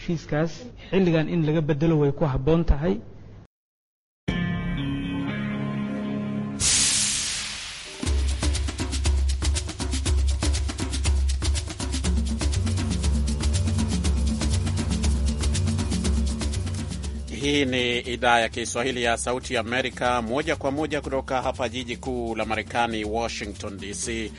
heshiiskaas xilligan in laga bedelo way ku haboon tahay Hii ni idhaa ya Kiswahili ya Sauti Amerika, moja kwa moja kutoka hapa jiji kuu la Marekani, Washington DC.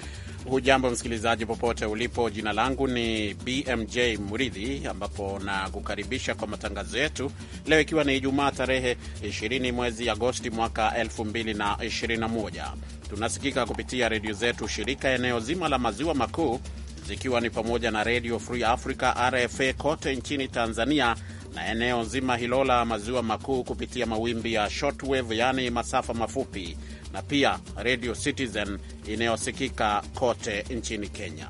Hujambo msikilizaji, popote ulipo. Jina langu ni BMJ Mridhi, ambapo nakukaribisha kwa matangazo yetu leo, ikiwa ni Ijumaa tarehe 20 mwezi Agosti mwaka 2021. Tunasikika kupitia redio zetu shirika eneo zima la maziwa makuu, zikiwa ni pamoja na Redio Free Africa RFA kote nchini Tanzania na eneo zima hilo la maziwa makuu kupitia mawimbi ya shortwave, yaani masafa mafupi na pia Radio Citizen inayosikika kote nchini Kenya.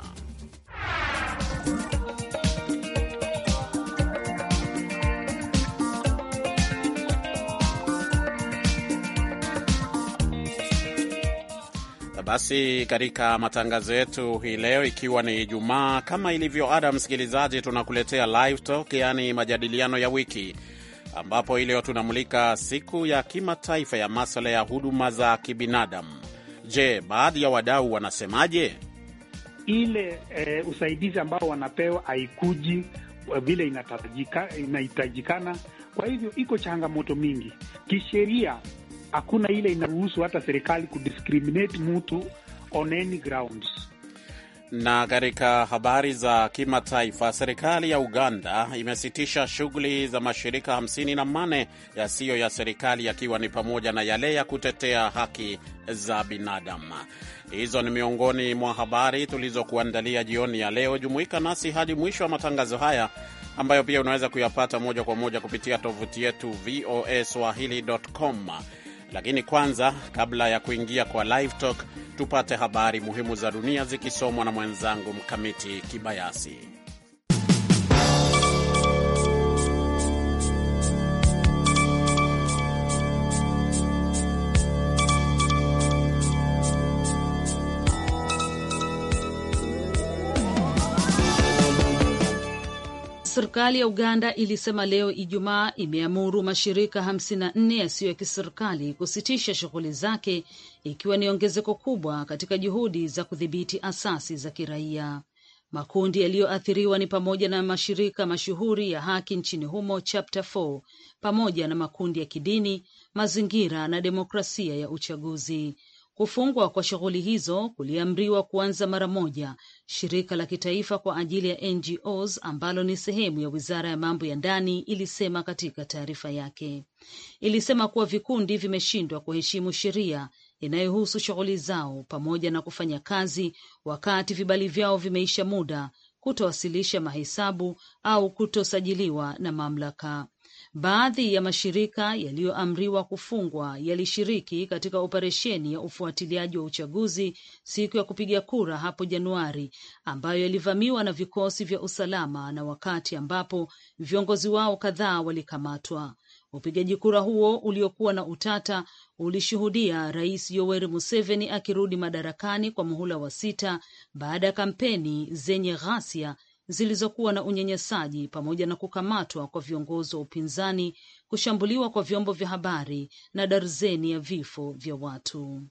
Basi katika matangazo yetu hii leo, ikiwa ni Ijumaa, kama ilivyo ada, msikilizaji, tunakuletea live talk, yaani majadiliano ya wiki ambapo hii leo tunamulika siku ya kimataifa ya maswala ya huduma za kibinadamu. Je, baadhi ya wadau wanasemaje? Ile e, usaidizi ambao wanapewa haikuji eh, vile inahitajikana. Kwa hivyo iko changamoto mingi kisheria, hakuna ile inaruhusu hata serikali kudiskriminate mtu on any grounds. Na katika habari za kimataifa, serikali ya Uganda imesitisha shughuli za mashirika 58 yasiyo ya serikali yakiwa ni pamoja na yale ya kutetea haki za binadamu. Hizo ni miongoni mwa habari tulizokuandalia jioni ya leo. Jumuika nasi hadi mwisho wa matangazo haya ambayo pia unaweza kuyapata moja kwa moja kupitia tovuti yetu voa swahili.com. Lakini kwanza, kabla ya kuingia kwa live talk, tupate habari muhimu za dunia zikisomwa na mwenzangu Mkamiti Kibayasi. Serikali ya Uganda ilisema leo Ijumaa imeamuru mashirika 54 yasiyo ya kiserikali kusitisha shughuli zake, ikiwa ni ongezeko kubwa katika juhudi za kudhibiti asasi za kiraia. Makundi yaliyoathiriwa ni pamoja na mashirika mashuhuri ya haki nchini humo Chapter 4 pamoja na makundi ya kidini, mazingira na demokrasia ya uchaguzi. Kufungwa kwa shughuli hizo kuliamriwa kuanza mara moja Shirika la kitaifa kwa ajili ya NGOs ambalo ni sehemu ya wizara ya mambo ya ndani ilisema katika taarifa yake, ilisema kuwa vikundi vimeshindwa kuheshimu sheria inayohusu shughuli zao pamoja na kufanya kazi wakati vibali vyao vimeisha muda, kutowasilisha mahesabu au kutosajiliwa na mamlaka. Baadhi ya mashirika yaliyoamriwa kufungwa yalishiriki katika operesheni ya ufuatiliaji wa uchaguzi siku ya kupiga kura hapo Januari, ambayo yalivamiwa na vikosi vya usalama na wakati ambapo viongozi wao kadhaa walikamatwa. Upigaji kura huo uliokuwa na utata ulishuhudia Rais Yoweri Museveni akirudi madarakani kwa muhula wa sita baada ya kampeni zenye ghasia zilizokuwa na unyanyasaji pamoja na kukamatwa kwa viongozi wa upinzani, kushambuliwa kwa vyombo vya habari na darzeni ya vifo vya watu.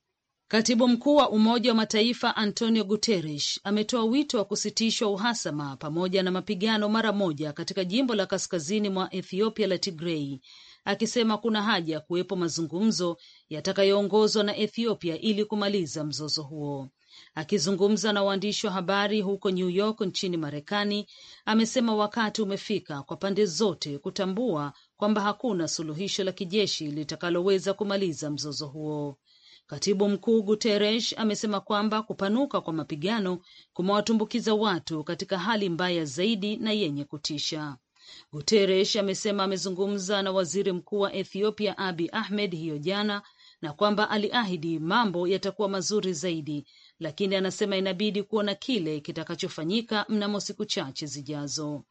Katibu mkuu wa Umoja wa Mataifa Antonio Guterres ametoa wito wa kusitishwa uhasama pamoja na mapigano mara moja katika jimbo la kaskazini mwa Ethiopia la Tigrei, akisema kuna haja ya kuwepo mazungumzo yatakayoongozwa na Ethiopia ili kumaliza mzozo huo. Akizungumza na waandishi wa habari huko New York nchini Marekani, amesema wakati umefika kwa pande zote kutambua kwamba hakuna suluhisho la kijeshi litakaloweza kumaliza mzozo huo. Katibu Mkuu Guterres amesema kwamba kupanuka kwa mapigano kumewatumbukiza watu katika hali mbaya zaidi na yenye kutisha. Guterres amesema amezungumza na Waziri Mkuu wa Ethiopia Abiy Ahmed hiyo jana na kwamba aliahidi mambo yatakuwa mazuri zaidi lakini anasema inabidi kuona kile kitakachofanyika mnamo siku chache zijazo.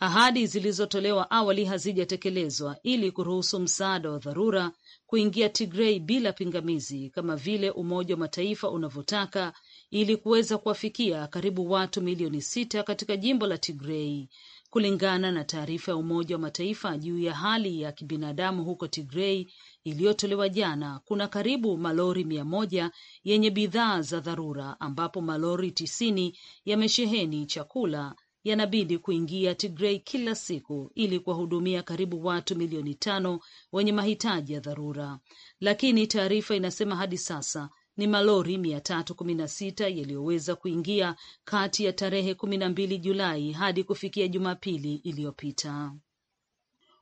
Ahadi zilizotolewa awali hazijatekelezwa ili kuruhusu msaada wa dharura kuingia Tigrei bila pingamizi kama vile Umoja wa Mataifa unavyotaka ili kuweza kuwafikia karibu watu milioni sita katika jimbo la Tigrei, kulingana na taarifa ya Umoja wa Mataifa juu ya hali ya kibinadamu huko Tigrei iliyotolewa jana kuna karibu malori mia moja yenye bidhaa za dharura ambapo malori tisini yamesheheni chakula yanabidi kuingia tigrei kila siku ili kuwahudumia karibu watu milioni tano wenye mahitaji ya dharura, lakini taarifa inasema hadi sasa ni malori mia tatu kumi na sita yaliyoweza kuingia kati ya tarehe kumi na mbili Julai hadi kufikia Jumapili iliyopita.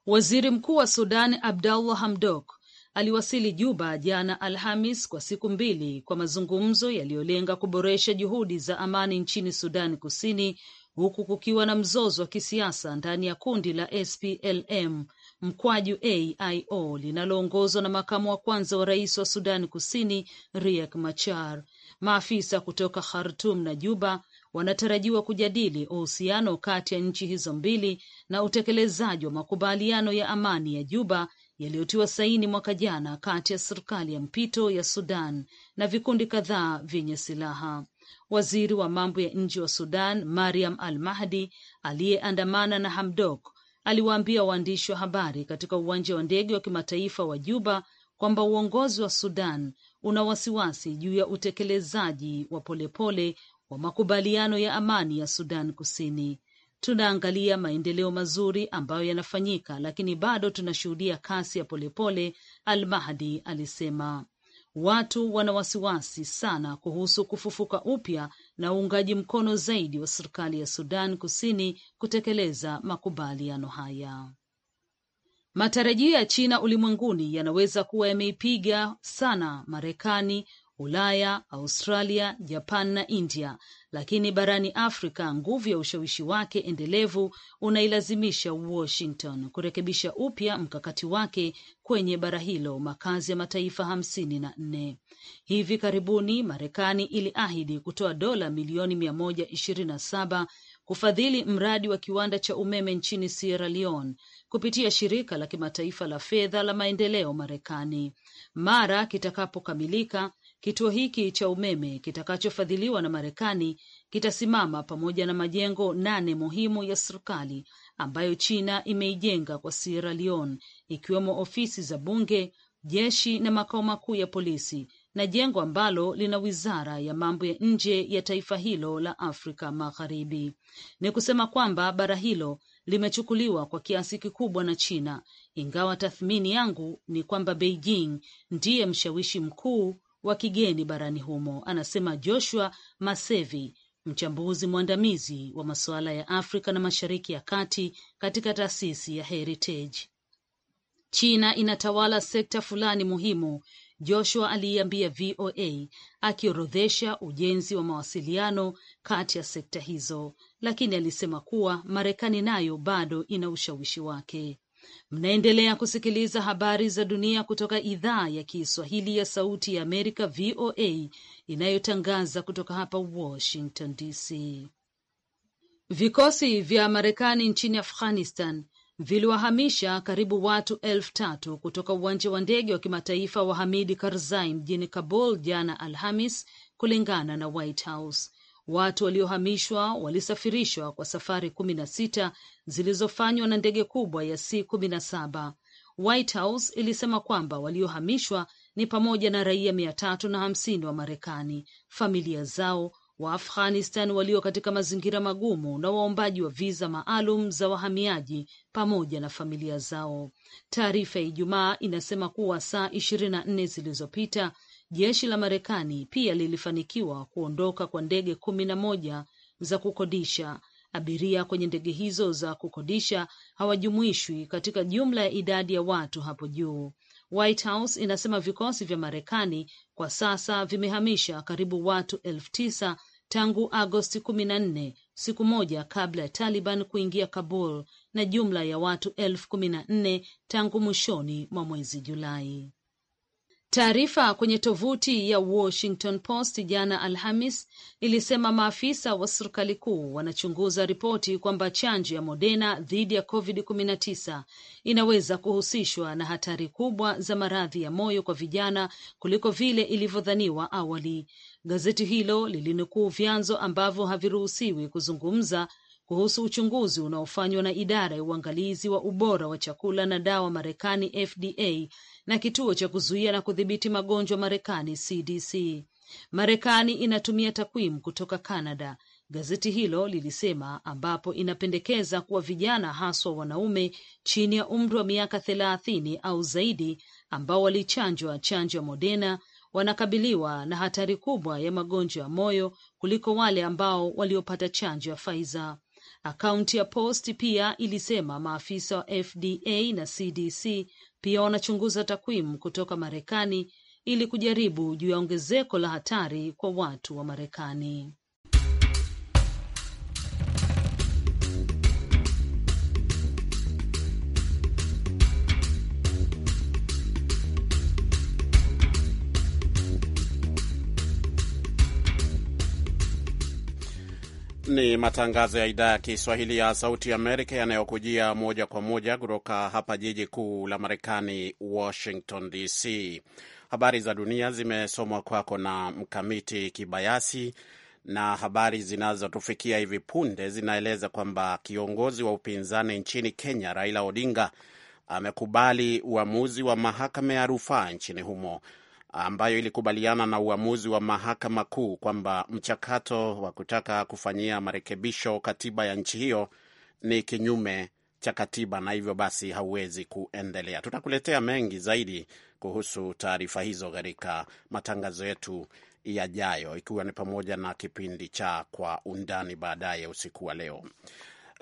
Waziri Mkuu wa Sudan Abdallah Hamdok aliwasili Juba jana Alhamis kwa siku mbili kwa mazungumzo yaliyolenga kuboresha juhudi za amani nchini Sudan Kusini, huku kukiwa na mzozo wa kisiasa ndani ya kundi la SPLM mkwaju AIO linaloongozwa na makamu wa kwanza wa rais wa Sudan Kusini Riek Machar. Maafisa kutoka Khartum na Juba wanatarajiwa kujadili uhusiano kati ya nchi hizo mbili na utekelezaji wa makubaliano ya amani ya Juba yaliyotiwa saini mwaka jana kati ya serikali ya mpito ya Sudan na vikundi kadhaa vyenye silaha. Waziri wa mambo ya nje wa Sudan Mariam Al Mahdi aliyeandamana na Hamdok aliwaambia waandishi wa habari katika uwanja wa ndege wa kimataifa wa Juba kwamba uongozi wa Sudan una wasiwasi juu ya utekelezaji wa polepole wa makubaliano ya amani ya Sudan Kusini tunaangalia maendeleo mazuri ambayo yanafanyika, lakini bado tunashuhudia kasi ya polepole, Al-Mahdi alisema. Watu wana wasiwasi sana kuhusu kufufuka upya na uungaji mkono zaidi wa serikali ya Sudan Kusini kutekeleza makubaliano haya. Matarajio ya China ulimwenguni yanaweza kuwa yameipiga sana Marekani Ulaya, Australia, Japan na India, lakini barani Afrika nguvu ya ushawishi wake endelevu unailazimisha Washington kurekebisha upya mkakati wake kwenye bara hilo makazi ya mataifa hamsini na nne. Hivi karibuni Marekani iliahidi kutoa dola milioni mia moja ishirini na saba kufadhili mradi wa kiwanda cha umeme nchini Sierra Leone kupitia shirika la kimataifa la fedha la maendeleo Marekani mara kitakapokamilika. Kituo hiki cha umeme kitakachofadhiliwa na Marekani kitasimama pamoja na majengo nane muhimu ya serikali ambayo China imeijenga kwa Sierra Leone, ikiwemo ofisi za bunge, jeshi na makao makuu ya polisi na jengo ambalo lina wizara ya mambo ya nje ya taifa hilo la Afrika Magharibi. Ni kusema kwamba bara hilo limechukuliwa kwa kiasi kikubwa na China, ingawa tathmini yangu ni kwamba Beijing ndiye mshawishi mkuu wa kigeni barani humo, anasema Joshua Masevi, mchambuzi mwandamizi wa masuala ya Afrika na Mashariki ya Kati katika taasisi ya Heritage. China inatawala sekta fulani muhimu, Joshua aliiambia VOA akiorodhesha ujenzi wa mawasiliano kati ya sekta hizo, lakini alisema kuwa Marekani nayo bado ina ushawishi wake. Mnaendelea kusikiliza habari za dunia kutoka idhaa ya Kiswahili ya Sauti ya Amerika, VOA, inayotangaza kutoka hapa Washington DC. Vikosi vya Marekani nchini Afghanistan viliwahamisha karibu watu elfu tatu kutoka uwanja wa ndege wa kimataifa wa Hamid Karzai mjini Kabul jana Alhamis, kulingana na White House. Watu waliohamishwa walisafirishwa kwa safari kumi na sita zilizofanywa na ndege kubwa ya c kumi saba White House ilisema kwamba waliohamishwa ni pamoja na raia mia tatu na hamsini wa Marekani, familia zao, Waafghanistan walio katika mazingira magumu na waombaji wa viza maalum za wahamiaji pamoja na familia zao. Taarifa ya Ijumaa inasema kuwa saa ishirini na nne zilizopita Jeshi la Marekani pia lilifanikiwa kuondoka kwa ndege kumi na moja za kukodisha. Abiria kwenye ndege hizo za kukodisha hawajumuishwi katika jumla ya idadi ya watu hapo juu. White House inasema vikosi vya Marekani kwa sasa vimehamisha karibu watu elfu tisa tangu Agosti kumi na nne, siku moja kabla ya Taliban kuingia Kabul na jumla ya watu elfu kumi na nne tangu mwishoni mwa mwezi Julai. Taarifa kwenye tovuti ya Washington Post jana Alhamis ilisema maafisa wa serikali kuu wanachunguza ripoti kwamba chanjo ya Moderna dhidi ya COVID-19 inaweza kuhusishwa na hatari kubwa za maradhi ya moyo kwa vijana kuliko vile ilivyodhaniwa awali. Gazeti hilo lilinukuu vyanzo ambavyo haviruhusiwi kuzungumza kuhusu uchunguzi unaofanywa na idara ya uangalizi wa ubora wa chakula na dawa Marekani, FDA, na kituo cha kuzuia na kudhibiti magonjwa Marekani, CDC. Marekani inatumia takwimu kutoka Canada, gazeti hilo lilisema, ambapo inapendekeza kuwa vijana haswa wanaume chini ya umri wa miaka thelathini au zaidi ambao walichanjwa chanjo ya Moderna wanakabiliwa na hatari kubwa ya magonjwa ya moyo kuliko wale ambao waliopata chanjo ya Pfizer. Akaunti ya Post pia ilisema maafisa wa FDA na CDC pia wanachunguza takwimu kutoka Marekani ili kujaribu juu ya ongezeko la hatari kwa watu wa Marekani. Ni matangazo ya idhaa ya Kiswahili ya Sauti Amerika yanayokujia moja kwa moja kutoka hapa jiji kuu la Marekani, Washington DC. Habari za dunia zimesomwa kwako na Mkamiti Kibayasi, na habari zinazotufikia hivi punde zinaeleza kwamba kiongozi wa upinzani nchini Kenya, Raila Odinga, amekubali uamuzi wa mahakama ya rufaa nchini humo ambayo ilikubaliana na uamuzi wa mahakama kuu kwamba mchakato wa kutaka kufanyia marekebisho katiba ya nchi hiyo ni kinyume cha katiba na hivyo basi hauwezi kuendelea. Tutakuletea mengi zaidi kuhusu taarifa hizo katika matangazo yetu yajayo, ikiwa ni pamoja na kipindi cha Kwa Undani baadaye usiku wa leo.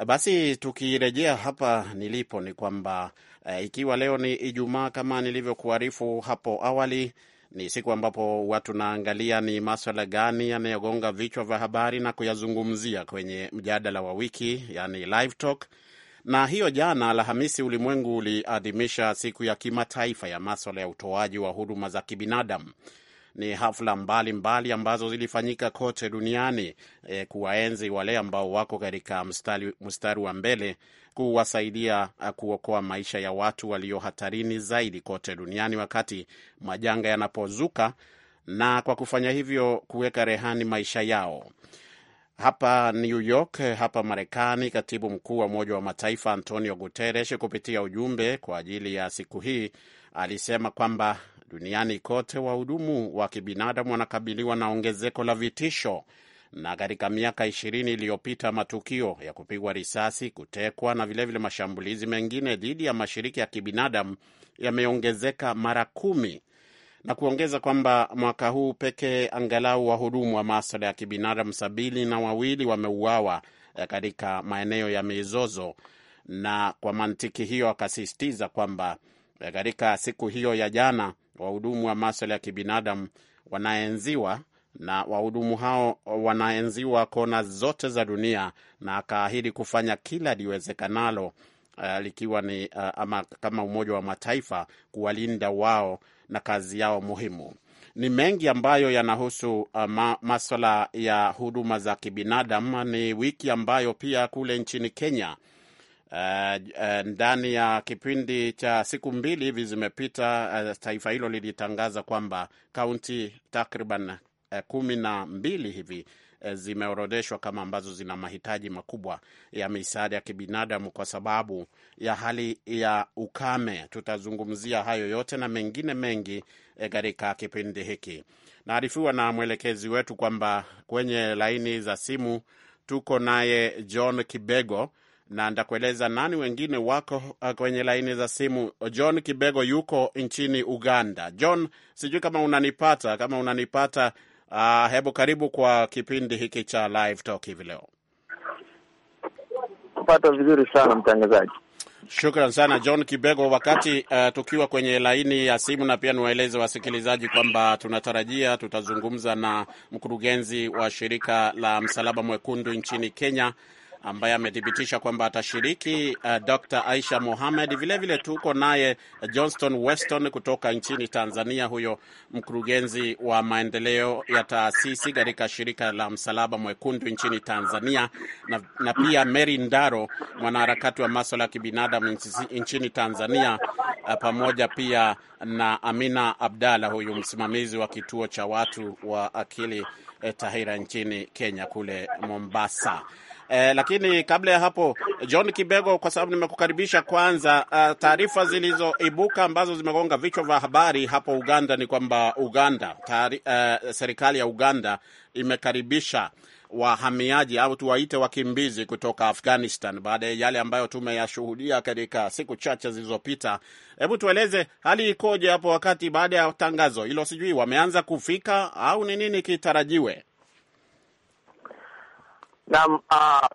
Basi tukirejea hapa nilipo ni kwamba e, ikiwa leo ni Ijumaa kama nilivyokuarifu hapo awali ni siku ambapo watu naangalia ni maswala gani yanayogonga vichwa vya habari na kuyazungumzia kwenye mjadala wa wiki, yani live talk. Na hiyo jana Alhamisi, ulimwengu uliadhimisha siku ya kimataifa ya maswala ya utoaji wa huduma za kibinadamu. Ni hafla mbalimbali mbali ambazo zilifanyika kote duniani e, kuwaenzi wale ambao wako katika mstari wa mbele kuwasaidia uh, kuokoa maisha ya watu walio hatarini zaidi kote duniani wakati majanga yanapozuka na kwa kufanya hivyo kuweka rehani maisha yao. Hapa New York, hapa Marekani, katibu mkuu wa Umoja wa Mataifa Antonio Guterres, kupitia ujumbe kwa ajili ya siku hii, alisema kwamba duniani kote wahudumu wa kibinadamu wanakabiliwa na ongezeko la vitisho na katika miaka ishirini iliyopita matukio ya kupigwa risasi, kutekwa na vilevile vile mashambulizi mengine dhidi ya mashirika ya kibinadamu yameongezeka mara kumi, na kuongeza kwamba mwaka huu pekee angalau wahudumu wa maswala ya kibinadamu sabini na wawili wameuawa eh, katika maeneo ya mizozo. Na kwa mantiki hiyo akasisitiza kwamba eh, katika siku hiyo ya jana wahudumu wa maswala ya kibinadamu wanaenziwa na wahudumu hao wanaenziwa kona zote za dunia, na akaahidi kufanya kila liwezekanalo uh, likiwa ni uh, ama kama Umoja wa Mataifa kuwalinda wao na kazi yao muhimu. Ni mengi ambayo yanahusu uh, maswala ya huduma za kibinadamu. Ni wiki ambayo pia kule nchini Kenya uh, uh, ndani ya kipindi cha siku mbili hivi zimepita, uh, taifa hilo lilitangaza kwamba kaunti takriban Eh, kumi na mbili hivi eh, zimeorodheshwa kama ambazo zina mahitaji makubwa ya misaada ya kibinadamu kwa sababu ya hali ya ukame. Tutazungumzia hayo yote na mengine mengi eh, katika kipindi hiki. Naarifiwa na mwelekezi wetu kwamba kwenye laini za simu tuko naye John Kibego na ndakueleza nani wengine wako kwenye laini za simu. John Kibego yuko nchini Uganda. John, sijui kama unanipata. Kama unanipata Uh, hebu karibu kwa kipindi hiki cha Live Talk hivi leo. Pata vizuri sana mtangazaji. Shukran sana John Kibego. Wakati uh, tukiwa kwenye laini ya simu, na pia niwaeleze wasikilizaji kwamba tunatarajia tutazungumza na mkurugenzi wa shirika la Msalaba Mwekundu nchini Kenya ambaye amethibitisha kwamba atashiriki. Uh, eh, Dr. Aisha Mohamed vilevile, tuko naye eh, Johnston Weston kutoka nchini Tanzania, huyo mkurugenzi wa maendeleo ya taasisi katika shirika la Msalaba Mwekundu nchini Tanzania, na, na pia Mary Ndaro, mwanaharakati wa maswala ya kibinadamu nchini Tanzania, uh, pamoja pia na Amina Abdalla, huyu msimamizi wa kituo cha watu wa akili eh, Tahira nchini Kenya kule Mombasa eh, lakini kabla ya hapo John Kibego, kwa sababu nimekukaribisha kwanza, uh, taarifa zilizoibuka ambazo zimegonga vichwa vya habari hapo Uganda ni kwamba Uganda tari, uh, serikali ya Uganda imekaribisha wahamiaji au tuwaite wakimbizi kutoka Afghanistan baada ya yale ambayo tumeyashuhudia katika siku chache zilizopita. Hebu tueleze hali ikoje hapo wakati baada ya tangazo hilo, sijui wameanza kufika au ni nini kitarajiwe? Naam, uh,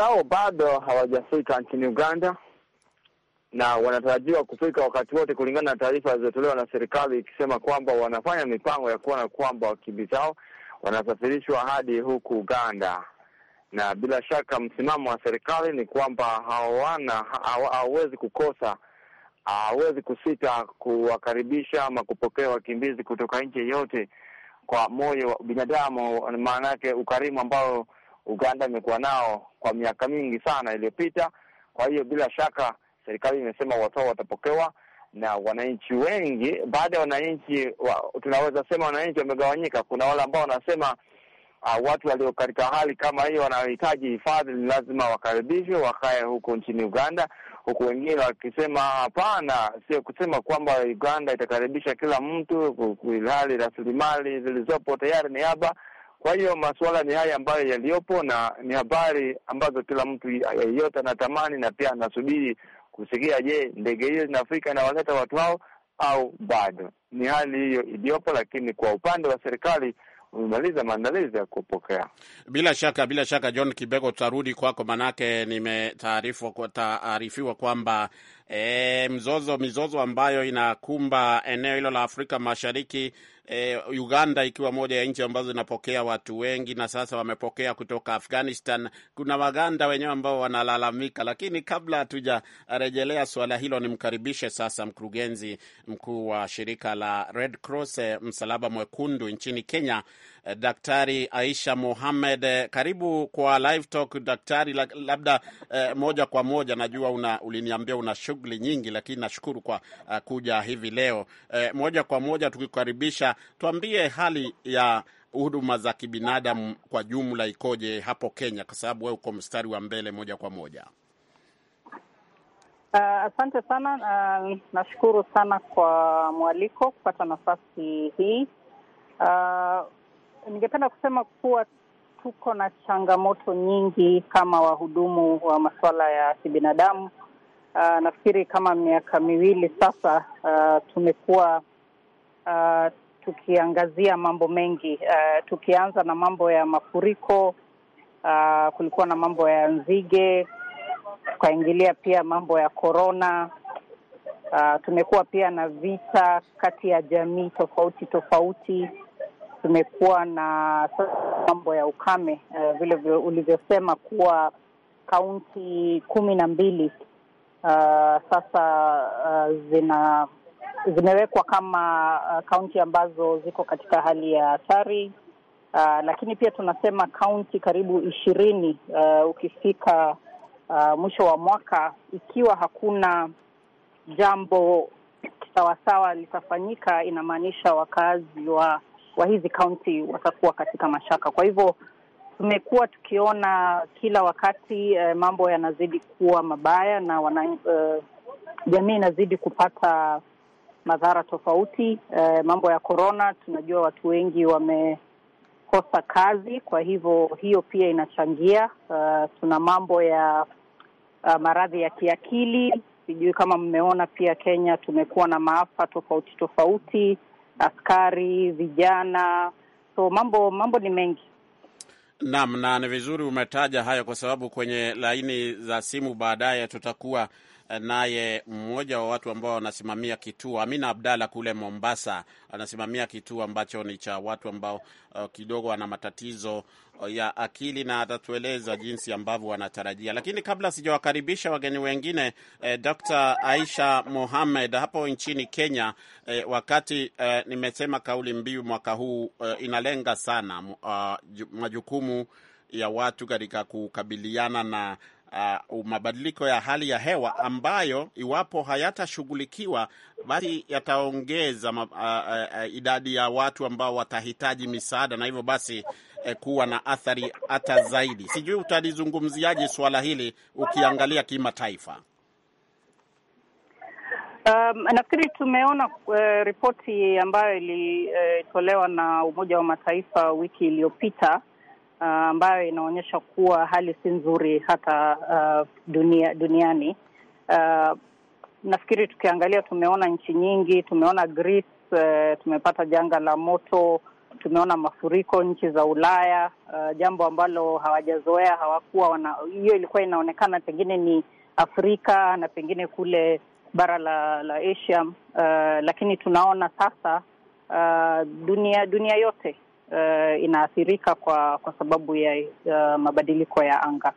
hao bado hawajafika nchini Uganda na wanatarajiwa kufika wakati wote, kulingana na taarifa zilizotolewa na serikali ikisema kwamba wanafanya mipango ya kuona kwamba hao wanasafirishwa hadi huku Uganda, na bila shaka msimamo wa serikali ni kwamba hawana hawawezi kukosa hawawezi kusita kuwakaribisha ama kupokea wakimbizi kutoka nchi yeyote kwa moyo wa binadamu, maana yake ukarimu ambao Uganda imekuwa nao kwa miaka mingi sana iliyopita. Kwa hiyo bila shaka serikali imesema watu hao watapokewa na wananchi wengi. Baada ya wananchi wa, tunaweza sema wananchi wamegawanyika. Kuna wale ambao wanasema uh, watu walio katika hali kama hiyo wanaohitaji hifadhi ni lazima wakaribishwe wakae huko nchini Uganda, huku wengine wakisema hapana, sio kusema kwamba Uganda itakaribisha kila mtu, ilhali rasilimali zilizopo tayari ni haba kwa hiyo masuala ni haya ambayo yaliyopo, na ni habari ambazo kila mtu yeyote anatamani na pia anasubiri kusikia, je, ndege hiyo zinafika na waleta watu hao au bado? Ni hali hiyo iliyopo, lakini kwa upande wa serikali umemaliza maandalizi ya kupokea. Bila shaka, bila shaka, John Kibego, tutarudi kwako, manake nimetaarifiwa kwamba e, mzozo mizozo ambayo inakumba eneo hilo la Afrika Mashariki e, Uganda ikiwa moja ya nchi ambazo zinapokea watu wengi na sasa wamepokea kutoka Afghanistan. Kuna Waganda wenyewe ambao wanalalamika, lakini kabla hatujarejelea suala hilo, nimkaribishe sasa mkurugenzi mkuu wa shirika la Red Cross, e, Msalaba Mwekundu nchini Kenya Daktari Aisha Mohamed, karibu kwa Live Talk. Daktari, labda eh, moja kwa moja, najua una, uliniambia una shughuli nyingi, lakini nashukuru kwa uh, kuja hivi leo eh, moja kwa moja tukikaribisha, tuambie hali ya huduma za kibinadamu kwa jumla ikoje hapo Kenya, kwa sababu wewe uko mstari wa mbele moja kwa moja. Uh, asante sana uh, nashukuru sana kwa mwaliko kupata nafasi hii uh, ningependa kusema kuwa tuko na changamoto nyingi kama wahudumu wa masuala ya kibinadamu. Uh, nafikiri kama miaka miwili sasa, uh, tumekuwa uh, tukiangazia mambo mengi uh, tukianza na mambo ya mafuriko uh, kulikuwa na mambo ya nzige, tukaingilia pia mambo ya korona. Uh, tumekuwa pia na vita kati ya jamii tofauti tofauti tumekuwa na mambo ya ukame uh, vile ulivyosema kuwa kaunti kumi na mbili uh, sasa uh, zina zimewekwa kama kaunti ambazo ziko katika hali ya hatari uh, lakini pia tunasema kaunti karibu ishirini uh, ukifika uh, mwisho wa mwaka ikiwa hakuna jambo sawasawa litafanyika, inamaanisha wakazi wa wa hizi kaunti watakuwa katika mashaka. Kwa hivyo tumekuwa tukiona kila wakati eh, mambo yanazidi kuwa mabaya na wana, eh, jamii inazidi kupata madhara tofauti. Eh, mambo ya korona, tunajua watu wengi wamekosa kazi, kwa hivyo hiyo pia inachangia. Uh, tuna mambo ya uh, maradhi ya kiakili, sijui kama mmeona pia Kenya tumekuwa na maafa tofauti tofauti askari, vijana, so mambo mambo ni mengi. Naam, na ni vizuri umetaja hayo kwa sababu kwenye laini za simu baadaye tutakuwa naye mmoja wa watu ambao wanasimamia kituo, Amina Abdalla kule Mombasa, anasimamia kituo ambacho ni cha watu ambao uh, kidogo wana matatizo uh, ya akili na atatueleza jinsi ambavyo wanatarajia. Lakini kabla sijawakaribisha wageni wengine eh, Dr. Aisha Mohamed hapo nchini Kenya eh, wakati eh, nimesema kauli mbiu mwaka huu eh, inalenga sana uh, majukumu ya watu katika kukabiliana na uh, mabadiliko ya hali ya hewa ambayo iwapo hayatashughulikiwa basi yataongeza uh, uh, uh, idadi ya watu ambao watahitaji misaada na hivyo basi uh, kuwa na athari hata zaidi. Sijui utalizungumziaje suala hili ukiangalia kimataifa? Um, nafikiri tumeona uh, ripoti ambayo ilitolewa uh, na Umoja wa Mataifa wiki iliyopita Uh, ambayo inaonyesha kuwa hali si nzuri hata uh, dunia, duniani uh, nafikiri tukiangalia, tumeona nchi nyingi, tumeona Greece, uh, tumepata janga la moto, tumeona mafuriko nchi za Ulaya, uh, jambo ambalo hawajazoea hawakuwa wana, hiyo ilikuwa inaonekana pengine ni Afrika na pengine kule bara la, la Asia, uh, lakini tunaona sasa uh, dunia dunia yote uh, inaathirika kwa kwa sababu ya uh, mabadiliko ya anga.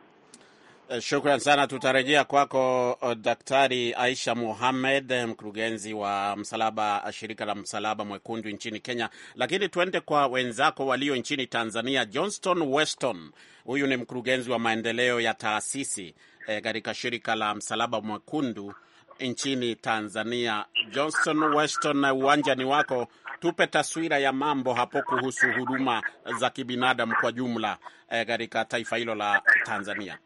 Eh, shukran sana, tutarejea kwako Daktari Aisha Muhamed, mkurugenzi wa msalaba shirika la Msalaba Mwekundu nchini Kenya, lakini tuende kwa wenzako walio nchini Tanzania. Johnston Weston, huyu ni mkurugenzi wa maendeleo ya taasisi katika e, shirika la Msalaba Mwekundu nchini Tanzania. johnson Weston, uwanjani wako, tupe taswira ya mambo hapo kuhusu huduma za kibinadamu kwa jumla eh, katika e, taifa hilo la Tanzania.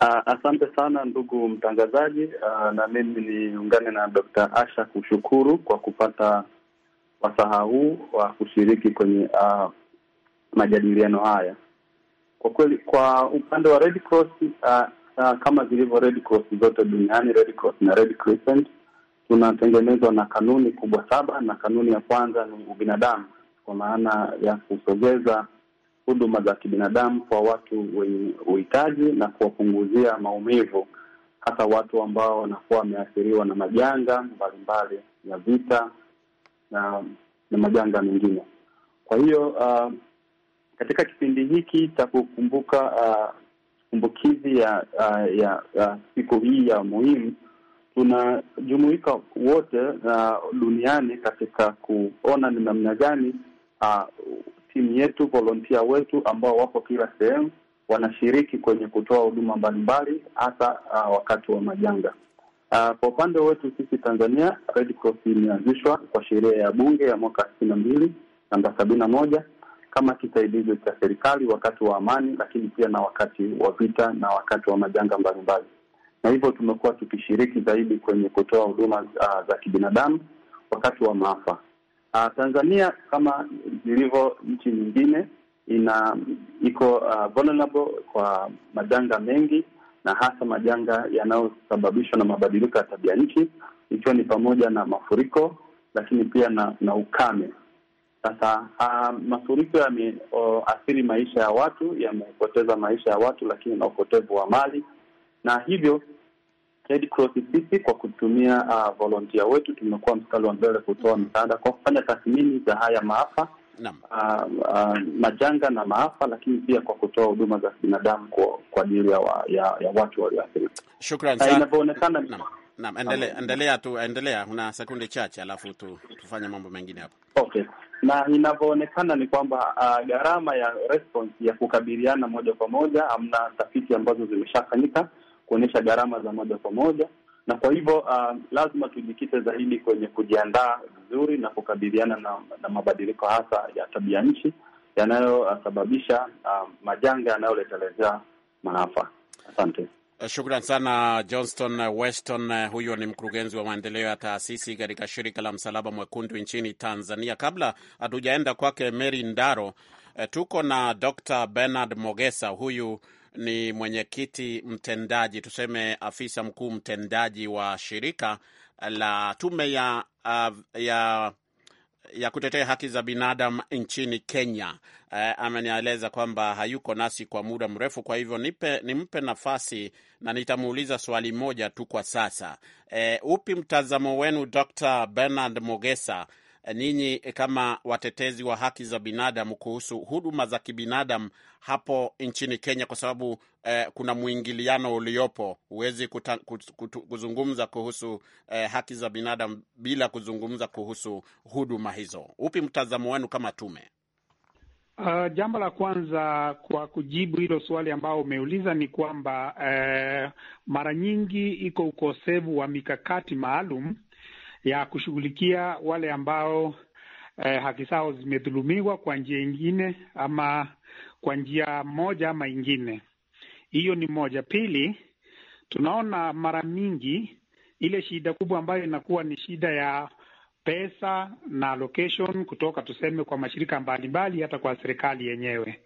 Uh, asante sana ndugu mtangazaji. Uh, na mimi niungane na Dr. Asha kushukuru kwa kupata wasaha huu wa kushiriki kwenye uh, majadiliano haya. Kwa kweli, kwa upande wa Red Cross uh, uh, kama zilivyo Red Cross zote duniani, Red Cross na Red Crescent tunatengenezwa na kanuni kubwa saba, na kanuni ya kwanza ni ubinadamu, kwa maana ya kusogeza huduma za kibinadamu kwa watu wenye uhitaji na kuwapunguzia maumivu, hasa watu ambao wanakuwa wameathiriwa na majanga mbalimbali ya vita na, na majanga mengine. Kwa hiyo uh, katika kipindi hiki cha kukumbuka uh, kumbukizi ya ya, ya ya siku hii ya muhimu, tunajumuika wote uh, duniani katika kuona ni namna gani uh, timu yetu volontia wetu ambao wako kila sehemu wanashiriki kwenye kutoa huduma mbalimbali hasa uh, wakati wa majanga. Uh, kwa upande wetu sisi Tanzania, Red Cross imeanzishwa kwa sheria ya bunge ya mwaka sitini na mbili namba sabini na moja kama kisaidizi cha serikali wakati wa amani, lakini pia na wakati wa vita na wakati wa majanga mbalimbali, na hivyo tumekuwa tukishiriki zaidi kwenye kutoa huduma uh, za kibinadamu wakati wa maafa. Uh, Tanzania kama zilivyo nchi nyingine ina iko uh, vulnerable kwa majanga mengi na hasa majanga yanayosababishwa na mabadiliko ya tabia nchi ikiwa ni pamoja na mafuriko, lakini pia na, na ukame sasa uh, mafuriko yameathiri maisha ya watu, yamepoteza maisha ya watu, lakini na upotevu wa mali, na hivyo Red Cross sisi kwa kutumia uh, ah, volontia wetu tumekuwa mstari wa mbele kutoa misaada kwa kufanya tathmini za haya maafa uh, uh, majanga na maafa, lakini pia kwa kutoa huduma za binadamu kwa ajili ya, wa, ya, ya watu walioathirika. Shukran sana. Inavyoonekana Naam, endelea, endelea tu, endelea. Una sekunde chache alafu tu, tufanye mambo mengine hapo. Okay na inavyoonekana ni kwamba uh, gharama ya response ya kukabiliana moja kwa moja, amna tafiti ambazo zimeshafanyika kuonyesha gharama za moja kwa moja, na kwa hivyo uh, lazima tujikite zaidi kwenye kujiandaa vizuri na kukabiliana na, na mabadiliko hasa ya tabia nchi yanayosababisha uh, majanga yanayoletelezea maafa. Asante. Eh, shukran sana Johnston Weston. Eh, huyo ni mkurugenzi wa maendeleo ya taasisi katika shirika la Msalaba Mwekundu nchini Tanzania. Kabla hatujaenda kwake Mary Ndaro, eh, tuko na Dr Bernard Mogesa. Huyu ni mwenyekiti mtendaji, tuseme afisa mkuu mtendaji wa shirika la tume ya, ya ya kutetea haki za binadamu nchini Kenya eh, amenieleza kwamba hayuko nasi kwa muda mrefu, kwa hivyo nipe, nimpe nafasi na nitamuuliza swali moja tu kwa sasa. Eh, upi mtazamo wenu Dr. Bernard Mogesa ninyi kama watetezi wa haki za binadamu kuhusu huduma za kibinadamu hapo nchini Kenya, kwa sababu eh, kuna mwingiliano uliopo. Huwezi kuzungumza kuhusu eh, haki za binadamu bila kuzungumza kuhusu huduma hizo. Upi mtazamo wenu kama tume? Uh, jambo la kwanza kwa kujibu hilo swali ambao umeuliza ni kwamba eh, mara nyingi iko ukosefu wa mikakati maalum ya kushughulikia wale ambao eh, haki zao zimedhulumiwa kwa njia ingine ama kwa njia moja ama ingine. Hiyo ni moja. Pili, tunaona mara mingi ile shida kubwa ambayo inakuwa ni shida ya pesa na location kutoka tuseme kwa mashirika mbalimbali hata kwa serikali yenyewe.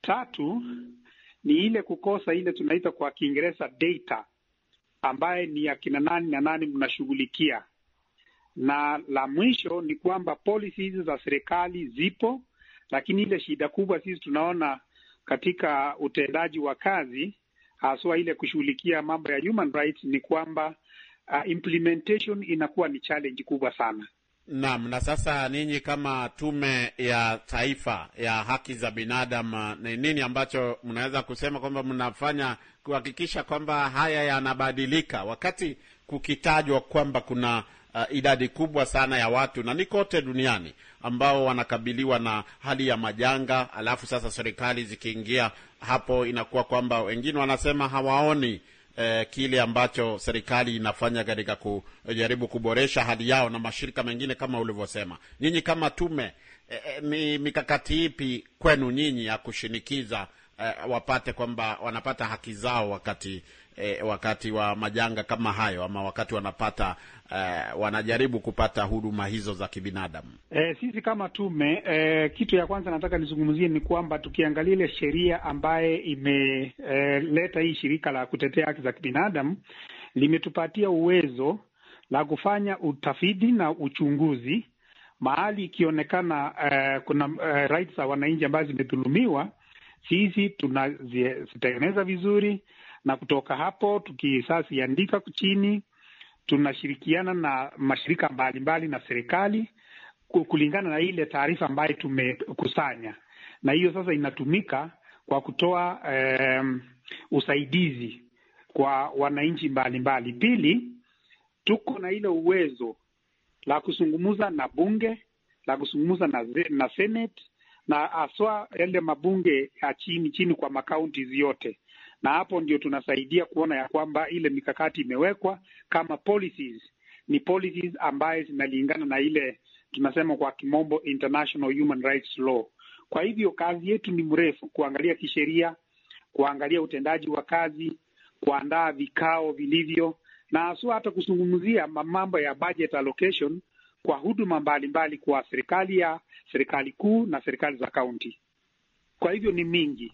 Tatu ni ile kukosa ile tunaita kwa Kiingereza data ambaye ni ya kina nani na nani mnashughulikia na la mwisho ni kwamba polisi hizi za serikali zipo, lakini ile shida kubwa sisi tunaona katika utendaji wa kazi haswa ile kushughulikia mambo ya human rights ni kwamba uh, implementation inakuwa ni challenge kubwa sana. Naam. Na sasa ninyi kama tume ya taifa ya haki za binadamu, uh, ni nini ambacho mnaweza kusema kwamba mnafanya kuhakikisha kwamba haya yanabadilika, wakati kukitajwa kwamba kuna uh, idadi kubwa sana ya watu na ni kote duniani ambao wanakabiliwa na hali ya majanga, alafu sasa serikali zikiingia hapo, inakuwa kwamba wengine wanasema hawaoni eh, kile ambacho serikali inafanya katika kujaribu kuboresha hali yao na mashirika mengine kama ulivyosema. Nyinyi kama tume eh, ni eh, mikakati ipi kwenu nyinyi ya kushinikiza eh, wapate kwamba wanapata haki zao wakati e, wakati wa majanga kama hayo ama wakati wanapata Uh, wanajaribu kupata huduma hizo za kibinadamu. E, sisi kama tume e, kitu ya kwanza nataka nizungumzie ni kwamba tukiangalia ile sheria ambaye imeleta e, hii shirika la kutetea haki za kibinadamu limetupatia uwezo la kufanya utafiti na uchunguzi mahali ikionekana uh, kuna uh, rights za wananchi ambazo zimedhulumiwa, sisi tunazitengeneza vizuri na kutoka hapo tukisasiandika chini, tunashirikiana na mashirika mbalimbali mbali na serikali kulingana na ile taarifa ambayo tumekusanya, na hiyo sasa inatumika kwa kutoa um, usaidizi kwa wananchi mbalimbali. Pili, tuko na ile uwezo la kuzungumza na bunge la kuzungumza na, na senate na aswa yale mabunge ya chini chini kwa makaunti yote na hapo ndio tunasaidia kuona ya kwamba ile mikakati imewekwa kama policies, ni policies ambayo zinalingana na ile tunasema kwa kimombo international human rights law. Kwa hivyo kazi yetu ni mrefu, kuangalia kisheria, kuangalia utendaji wa kazi, kuandaa vikao vilivyo na haswa hata kuzungumzia mambo ya budget allocation kwa huduma mbalimbali kwa serikali ya serikali kuu na serikali za kaunti. Kwa hivyo ni mingi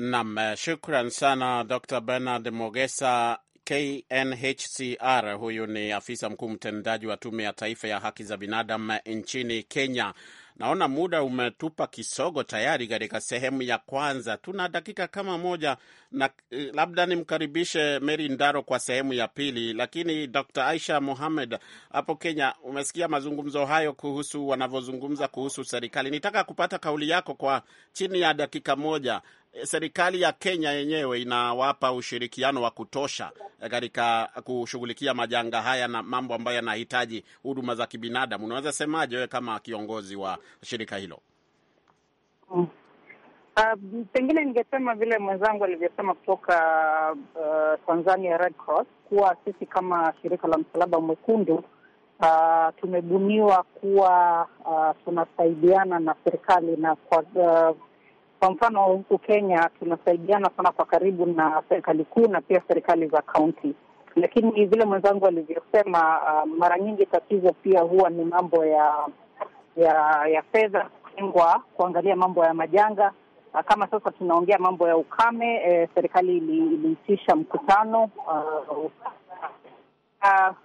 Nam, eh, shukran sana Dr Bernard Mogesa, KNHCR. Huyu ni afisa mkuu mtendaji wa Tume ya Taifa ya Haki za Binadamu eh, nchini Kenya. Naona muda umetupa kisogo tayari katika sehemu ya kwanza. Tuna dakika kama moja na eh, labda nimkaribishe Mary Ndaro kwa sehemu ya pili, lakini Dr Aisha Mohamed hapo Kenya, umesikia mazungumzo hayo kuhusu wanavyozungumza kuhusu serikali. Nitaka kupata kauli yako kwa chini ya dakika moja serikali ya Kenya yenyewe inawapa ushirikiano wa kutosha katika kushughulikia majanga haya na mambo ambayo yanahitaji huduma za kibinadamu? Unaweza semaje wewe kama kiongozi wa shirika hilo? Uh, pengine ningesema vile mwenzangu alivyosema kutoka uh, Tanzania Red Cross kuwa sisi kama shirika la Msalaba Mwekundu Uh, tumebuniwa kuwa uh, tunasaidiana na serikali na kwa, uh, kwa mfano huku Kenya tunasaidiana sana kwa karibu na serikali kuu na pia serikali za kaunti, lakini vile mwenzangu alivyosema, uh, mara nyingi tatizo pia huwa ni mambo ya ya ya fedha kutengwa kuangalia mambo ya majanga uh, kama sasa tunaongea mambo ya ukame eh, serikali iliitisha mkutano uh, uh,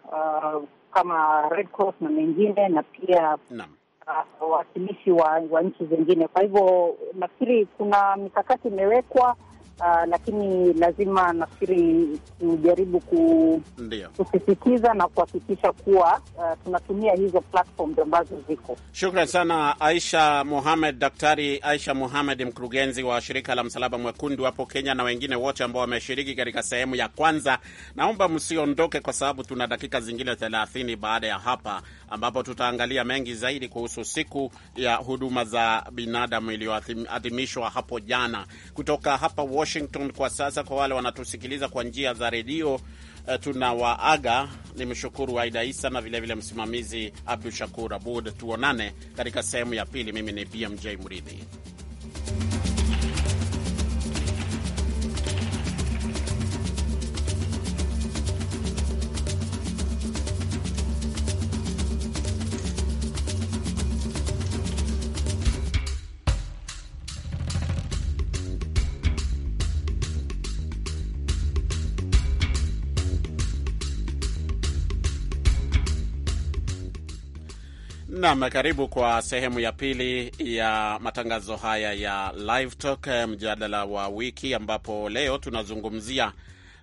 uh, kama Red Cross na mengine na pia Naam wawakilishi wa, wa nchi zingine. Kwa hivyo nafikiri kuna mikakati imewekwa. Uh, lakini lazima nafikiri tujaribu ku, kusisitiza na kuhakikisha kuwa uh, tunatumia hizo platforms ambazo ziko. Shukran sana Aisha Mohamed, Daktari Aisha Mohamed, mkurugenzi wa shirika la Msalaba Mwekundu hapo Kenya, na wengine wote ambao wameshiriki katika sehemu ya kwanza. Naomba msiondoke, kwa sababu tuna dakika zingine thelathini baada ya hapa, ambapo tutaangalia mengi zaidi kuhusu siku ya huduma za binadamu iliyoadhimishwa hapo jana. Kutoka hapa Washington kwa sasa, kwa wale wanatusikiliza kwa njia za redio eh, tunawaaga. Ni mshukuru Aida Isa na vilevile msimamizi Abdu Shakur Abud. Tuonane katika sehemu ya pili. Mimi ni BMJ Mridhi. Nam, karibu kwa sehemu ya pili ya matangazo haya ya Live Talk, eh, mjadala wa wiki, ambapo leo tunazungumzia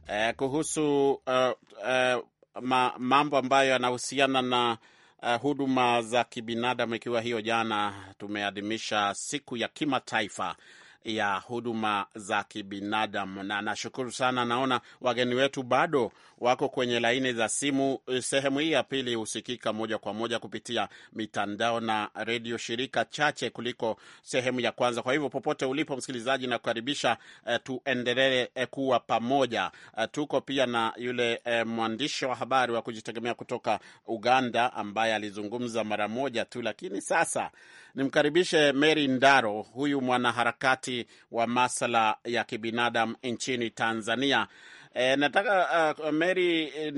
eh, kuhusu eh, eh, ma, mambo ambayo yanahusiana na eh, huduma za kibinadamu, ikiwa hiyo jana tumeadhimisha siku ya kimataifa ya huduma za kibinadamu, na nashukuru sana, naona wageni wetu bado wako kwenye laini za simu. Eh, sehemu hii ya pili husikika moja kwa moja kupitia mitandao na redio shirika chache kuliko sehemu ya kwanza. Kwa hivyo popote ulipo msikilizaji, nakukaribisha eh, tuendelee eh, kuwa pamoja eh, tuko pia na yule eh, mwandishi wa habari wa kujitegemea kutoka Uganda ambaye alizungumza mara moja tu, lakini sasa nimkaribishe Mary Ndaro, huyu mwanaharakati wa masala ya kibinadamu nchini Tanzania E, nataka uh, Mary e,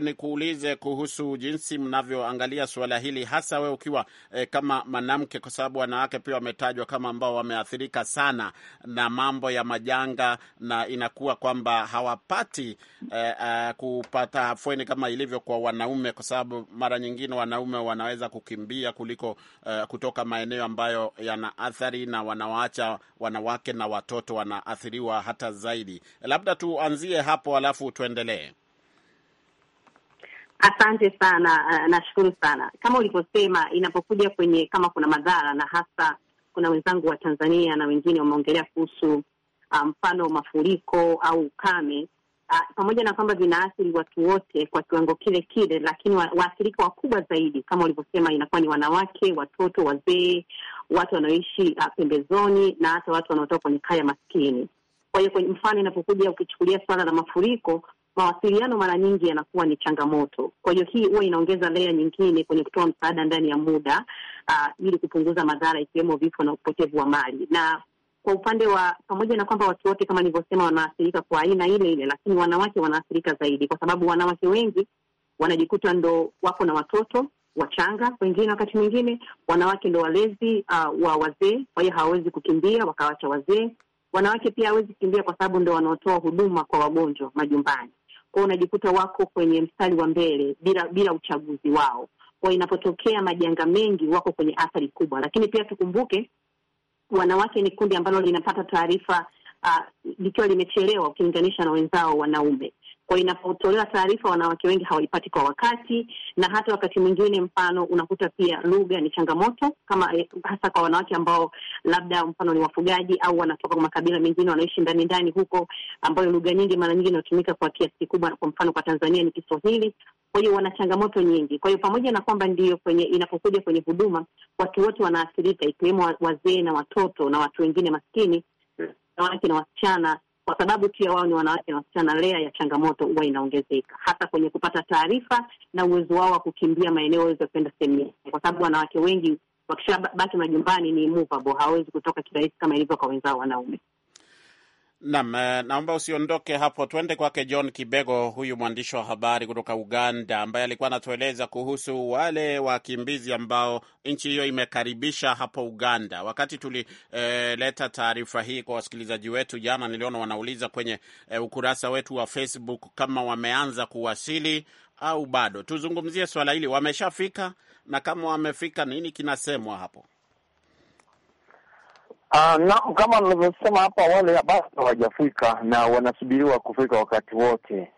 ni kuulize kuhusu jinsi mnavyoangalia suala hili hasa we ukiwa eh, kama mwanamke, kwa sababu wanawake pia wametajwa kama ambao wameathirika sana na mambo ya majanga, na inakuwa kwamba hawapati eh, uh, kupata afueni kama ilivyo kwa wanaume, kwa sababu mara nyingine wanaume wanaweza kukimbia kuliko eh, kutoka maeneo ambayo yana athari, na wanawaacha wanawake na watoto wanaathiriwa hata zaidi. Labda tuanzie tumalizie hapo alafu tuendelee. Asante sana, eh, nashukuru sana. Kama ulivyosema, inapokuja kwenye kama kuna madhara, na hasa kuna wenzangu wa Tanzania na wengine wameongelea kuhusu ah, mfano um, mafuriko au ukame uh, pamoja na kwamba vinaathiri watu wote kwa kiwango kile kile, lakini waathirika wakubwa zaidi kama ulivyosema inakuwa ni wanawake, watoto, wazee, watu wanaoishi uh, pembezoni na hata watu wanaotoka kwenye kaya maskini. Kwa hiyo kwenye mfano inapokuja ukichukulia swala la mafuriko, mawasiliano mara nyingi yanakuwa ni changamoto. Kwa hiyo hii huwa inaongeza lea nyingine kwenye kutoa msaada ndani ya muda uh, ili kupunguza madhara ikiwemo vifo na upotevu wa mali na kwa upande wa pamoja na kwamba watu wote kama nilivyosema wanaathirika kwa aina ile ile, lakini wanawake wanaathirika zaidi, kwa sababu wanawake wengi wanajikuta ndo wako na watoto wachanga, wengine wakati mwingine wanawake ndo walezi uh, wa wazee, kwa hiyo hawawezi kukimbia wakawacha wazee, Wanawake pia hawezi kimbia, kwa sababu ndo wanaotoa huduma kwa wagonjwa majumbani kwao, unajikuta wako kwenye mstari wa mbele bila bila uchaguzi wao. kwao inapotokea majanga mengi, wako kwenye athari kubwa. Lakini pia tukumbuke, wanawake ni kundi ambalo linapata taarifa ah, likiwa uh, limechelewa ukilinganisha na wenzao wanaume. Kwa inapotolewa taarifa, wanawake wengi hawaipati kwa wakati, na hata wakati mwingine, mfano unakuta pia lugha ni changamoto, kama eh, hasa kwa wanawake ambao labda mfano ni wafugaji au wanatoka kwa makabila mengine, wanaishi ndani ndani huko, ambayo lugha nyingi mara nyingi inatumika kwa kiasi kikubwa, kwa mfano kwa Tanzania ni Kiswahili. Kwa hiyo wana changamoto nyingi. Kwa hiyo pamoja na kwamba ndiyo kwenye inapokuja kwenye huduma, watu wote wanaathirika, ikiwemo wazee na watoto na watu wengine maskini, wanawake na wasichana kwa sababu pia wao ni wanawake na wasichana, lea ya changamoto huwa inaongezeka hasa kwenye kupata taarifa na uwezo wao wa kukimbia maeneo waweze kwenda sehemu nyingine, kwa sababu wanawake wengi wakishabaki majumbani ni movable, hawawezi kutoka kirahisi kama ilivyo kwa wenzao wanaume nam eh, naomba usiondoke hapo, tuende kwake John Kibego, huyu mwandishi wa habari kutoka Uganda ambaye alikuwa anatueleza kuhusu wale wakimbizi ambao nchi hiyo imekaribisha hapo Uganda. Wakati tulileta eh, e, taarifa hii kwa wasikilizaji wetu jana, niliona wanauliza kwenye e, ukurasa wetu wa Facebook kama wameanza kuwasili au bado. Tuzungumzie swala hili, wameshafika na kama wamefika, nini kinasemwa hapo? Uh, ah, naam, kama nilivyosema hapo awali, bado hawajafika na wanasubiriwa kufika wakati wote,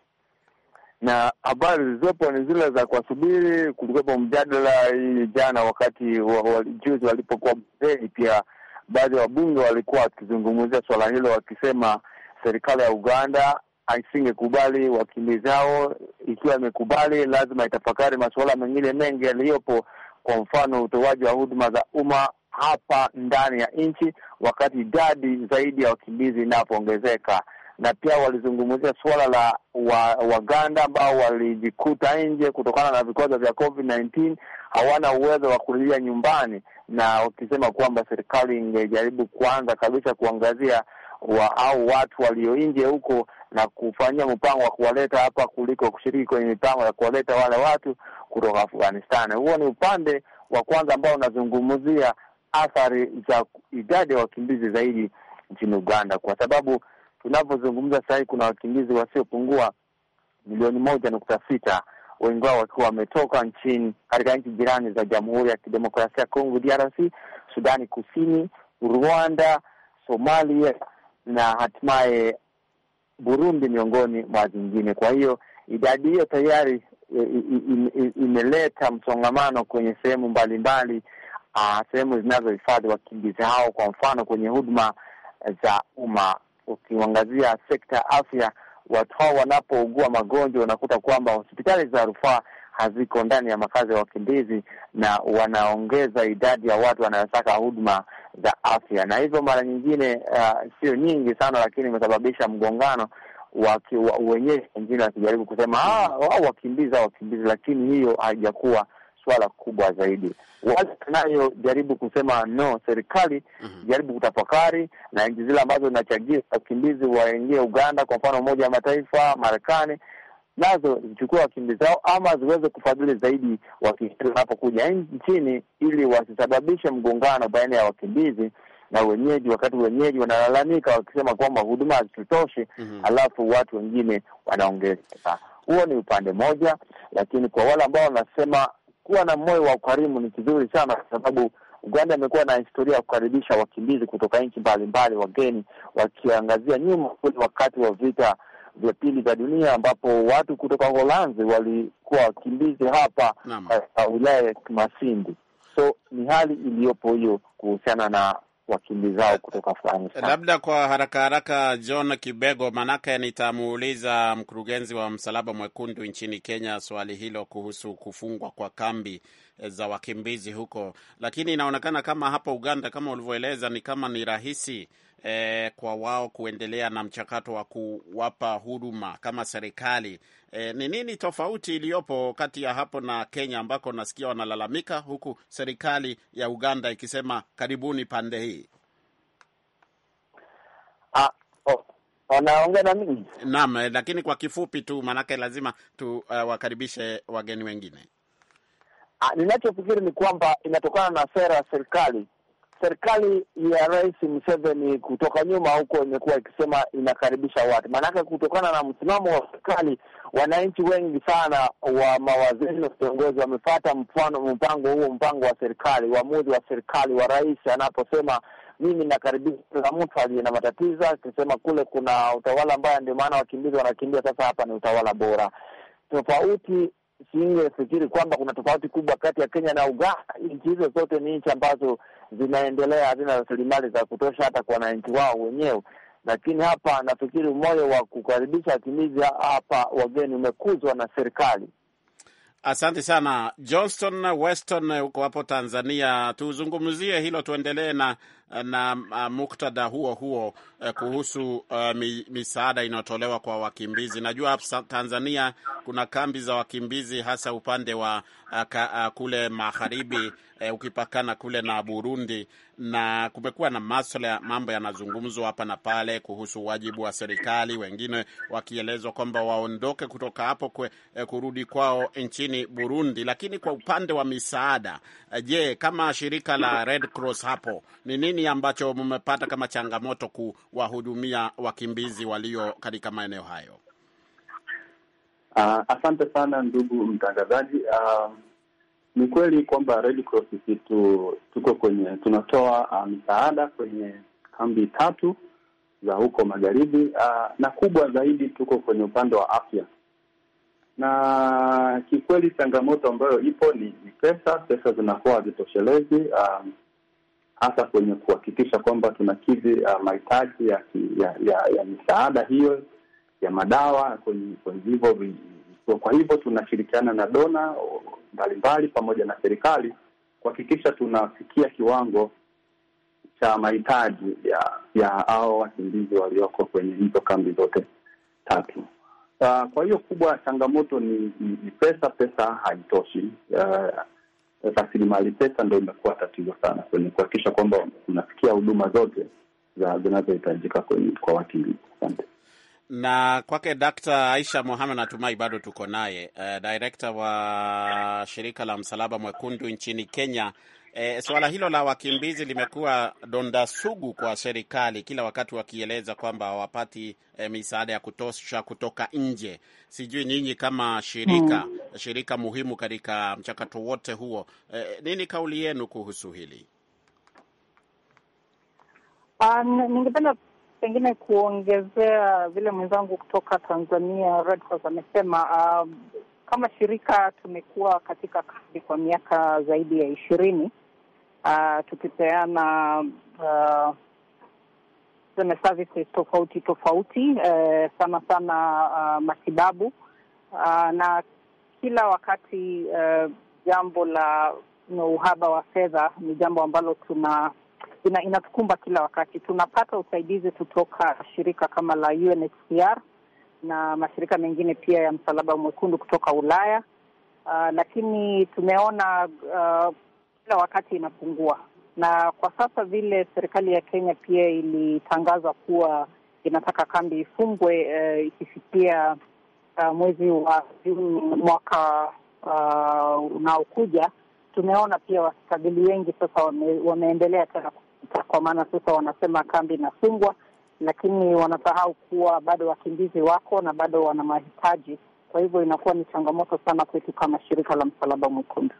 na habari zilizopo ni zile za kuwasubiri. Kulikuwepo mjadala hii jana wakati wa, wa, juzi walipokuwa bungeni, pia baadhi ya wabunge walikuwa wakizungumzia suala hilo wakisema serikali ya Uganda asingekubali wakimbizi hao. Ikiwa imekubali, lazima itafakari masuala mengine mengi yaliyopo, kwa mfano utoaji wa huduma za umma hapa ndani ya nchi, wakati idadi zaidi ya wakimbizi inapoongezeka. Na pia walizungumzia suala la Waganda wa ambao walijikuta nje kutokana na vikwazo vya Covid 19 hawana uwezo wa kurudia nyumbani, na wakisema kwamba serikali ingejaribu kwanza kabisa kuangazia wa, au watu walio nje huko na kufanyia mpango wa kuwaleta hapa kuliko kushiriki kwenye mipango ya kuwaleta wale watu kutoka Afghanistan. Huo ni upande wa kwanza ambao unazungumzia athari za idadi ya wakimbizi zaidi nchini Uganda, kwa sababu tunavyozungumza sasa hivi kuna wakimbizi wasiopungua milioni moja nukta sita wengi wao wakiwa wametoka nchini katika nchi jirani za Jamhuri ya Kidemokrasia ya Kongo, DRC, Sudani Kusini, Rwanda, Somalia na hatimaye Burundi, miongoni mwa zingine. Kwa hiyo idadi hiyo tayari eh, imeleta msongamano kwenye sehemu mbalimbali uh, sehemu zinazohifadhi wakimbizi hao, kwa mfano kwenye huduma za umma. Ukiangazia sekta ya afya, watu hao wanapougua magonjwa, unakuta kwamba hospitali za rufaa haziko ndani ya makazi ya wakimbizi na wanaongeza idadi ya watu wanayotaka huduma za afya, na hivyo mara nyingine uh, sio nyingi sana, lakini imesababisha mgongano wenyewe, wengine wakijaribu kusema ah, wao wakimbizi au wakimbizi, lakini hiyo haijakuwa swala kubwa zaidi. Wale jaribu kusema no, serikali mm -hmm. jaribu kutafakari na nchi zile ambazo zinachangia wakimbizi waingie Uganda, kwa mfano Umoja wa Mataifa, Marekani, nazo zichukue wakimbizi hao ama ziweze kufadhili zaidi wakimbizi wanapokuja nchini, ili wasisababishe mgongano baina ya wakimbizi na wenyeji, wakati wenyeji wanalalamika wakisema kwamba huduma hazitutoshi mm -hmm. alafu watu wengine wanaongezeka. Huo ni upande moja, lakini kwa wale ambao wanasema kuwa na moyo wa ukarimu ni kizuri sana, kwa sababu Uganda imekuwa na historia ya kukaribisha wakimbizi kutoka nchi mbalimbali, wageni wakiangazia nyuma kule wakati wa vita vya pili vya dunia ambapo watu kutoka Holanzi walikuwa wakimbizi hapa eh, eh, wilaya uh, ya Kimasindi. So ni hali iliyopo hiyo kuhusiana na wakimbizao kutoka Afghanistan. Labda kwa haraka haraka, John Kibego, maanake nitamuuliza mkurugenzi wa Msalaba Mwekundu nchini Kenya swali hilo kuhusu kufungwa kwa kambi e, za wakimbizi huko, lakini inaonekana kama hapa Uganda, kama ulivyoeleza, ni kama ni rahisi eh, kwa wao kuendelea na mchakato wa kuwapa huduma kama serikali E, ni nini tofauti iliyopo kati ya hapo na Kenya ambako nasikia wanalalamika huku serikali ya Uganda ikisema karibuni pande hii? Ah, oh. Wanaongea na mimi? Naam, eh, lakini kwa kifupi tu maanake lazima tuwakaribishe eh, uh, wageni wengine. Ah, ninachofikiri ni kwamba inatokana na sera ya serikali serikali ya Rais Museveni kutoka nyuma huko imekuwa ikisema inakaribisha watu, maanake kutokana na msimamo wa serikali, wananchi wengi sana wa mawaziri na viongozi wamepata mpango huo, mpango wa serikali, uamuzi wa serikali wa rais anaposema mimi nakaribisha kila mtu aliye na matatizo, akisema kule kuna utawala mbaya, ndio maana wakimbizi wanakimbia. Sasa hapa ni utawala bora. Tofauti singefikiri kwamba kuna tofauti kubwa kati ya Kenya na Uganda. Nchi hizo zote ni nchi ambazo zinaendelea, hazina rasilimali za kutosha hata kwa wananchi wao wenyewe. Lakini hapa nafikiri moyo wa kukaribisha wakimbizi hapa wageni umekuzwa na serikali. Asante sana Johnston Weston, huko hapo Tanzania. Tuzungumzie hilo, tuendelee na na uh, muktadha huo huo uh, kuhusu uh, misaada inayotolewa kwa wakimbizi. Najua Tanzania kuna kambi za wakimbizi hasa upande wa uh, ka, uh, kule magharibi uh, ukipakana kule na Burundi, na kumekuwa na maswala ya mambo yanazungumzwa hapa na pale kuhusu wajibu wa serikali, wengine wakielezwa kwamba waondoke kutoka hapo kwe, uh, kurudi kwao nchini Burundi. Lakini kwa upande wa misaada uh, je, kama shirika la Red Cross hapo ni nini nini ambacho mmepata kama changamoto kuwahudumia wakimbizi walio katika maeneo hayo? Uh, asante sana ndugu mtangazaji. Uh, ni kweli kwamba Red Cross tuko kwenye tunatoa uh, misaada kwenye kambi tatu za huko magharibi uh, na kubwa zaidi tuko kwenye upande wa afya, na kikweli changamoto ambayo ipo ni, ni pesa. Pesa zinakuwa hazitoshelezi. uh, hasa kwenye kuhakikisha kwamba tunakidhi uh, mahitaji ya, ya, ya, ya misaada hiyo ya madawa kwenye hivyo vituo. Kwa hivyo tunashirikiana na dona mbalimbali pamoja na serikali kuhakikisha tunafikia kiwango cha mahitaji ya ya hao wakimbizi walioko kwenye hizo kambi zote tatu. Uh, kwa hiyo kubwa changamoto ni, ni, ni pesa. Pesa haitoshi. Uh, rasilimali pesa ndo imekuwa tatizo sana kwenye kuhakikisha kwamba unafikia huduma zote zinazohitajika kwa wakimbizi. Asante na kwake Dakta Aisha muhamed natumai bado tuko naye, uh, eh, direkta wa shirika la Msalaba Mwekundu nchini Kenya. E, suala hilo la wakimbizi limekuwa donda sugu kwa serikali, kila wakati wakieleza kwamba hawapati e, misaada ya kutosha kutoka nje. Sijui nyinyi kama shirika mm, shirika muhimu katika mchakato wote huo e, nini kauli yenu kuhusu hili? Um, ningependa pengine kuongezea vile mwenzangu kutoka Tanzania Red Cross amesema. Um, kama shirika tumekuwa katika kazi kwa miaka zaidi ya ishirini uh, tukipeana uh, services tofauti tofauti uh, sana sana uh, matibabu uh, na kila wakati uh, jambo la no, uhaba wa fedha ni jambo ambalo tuna ina, inatukumba kila wakati. Tunapata usaidizi kutoka shirika kama la UNHCR na mashirika mengine pia ya Msalaba Mwekundu kutoka Ulaya uh, lakini tumeona uh, kila wakati inapungua, na kwa sasa vile serikali ya Kenya pia ilitangaza kuwa inataka kambi ifungwe uh, ikifikia uh, mwezi wa Juni mwaka uh, unaokuja. Tumeona pia wasikabili wengi sasa wame, wameendelea tena kupita, kwa maana sasa wanasema kambi inafungwa, lakini wanasahau kuwa bado wakimbizi wako na bado wana mahitaji. Kwa hivyo inakuwa ni changamoto sana kwetu kama shirika la Msalaba Mwekundu.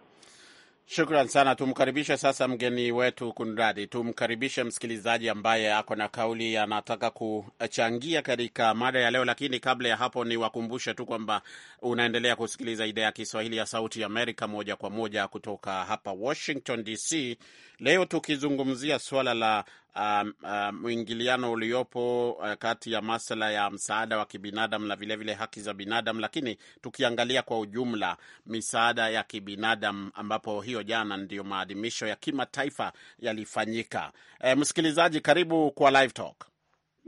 Shukran sana. Tumkaribishe sasa mgeni wetu kunradi, tumkaribishe msikilizaji ambaye ako na kauli, anataka kuchangia katika mada ya leo. Lakini kabla ya hapo, ni wakumbushe tu kwamba unaendelea kusikiliza idhaa ya Kiswahili ya Sauti Amerika moja kwa moja kutoka hapa Washington DC, leo tukizungumzia suala la um, um, mwingiliano uliopo uh, kati ya masuala ya msaada wa kibinadamu na vilevile haki za binadamu, lakini tukiangalia kwa ujumla misaada ya kibinadamu, ambapo hiyo jana ndiyo maadhimisho ya kimataifa yalifanyika. E, msikilizaji, karibu kwa Live Talk.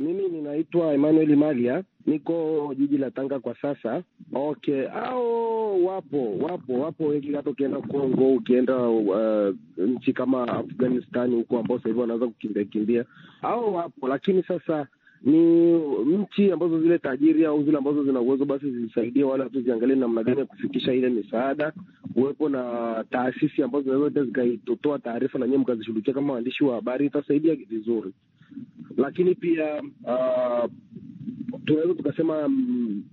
Mimi ninaitwa Emmanuel Malia, niko jiji la Tanga kwa sasa. Okay, au wapo wapo wapo wengi, hata ukienda Kongo, ukienda uh, nchi kama Afghanistani huko, ambao sasa hivi wanaweza kukimbia kimbia, au wapo lakini sasa ni nchi ambazo zile tajiri au zile ambazo zina uwezo basi zisaidie wala tu ziangalie namna gani ya kufikisha ile misaada. Kuwepo na taasisi ambazo zinaweza zikaitotoa taarifa na nyie mkazishughulikia kama waandishi wa habari, itasaidia vizuri lakini pia uh, tunaweza tukasema um,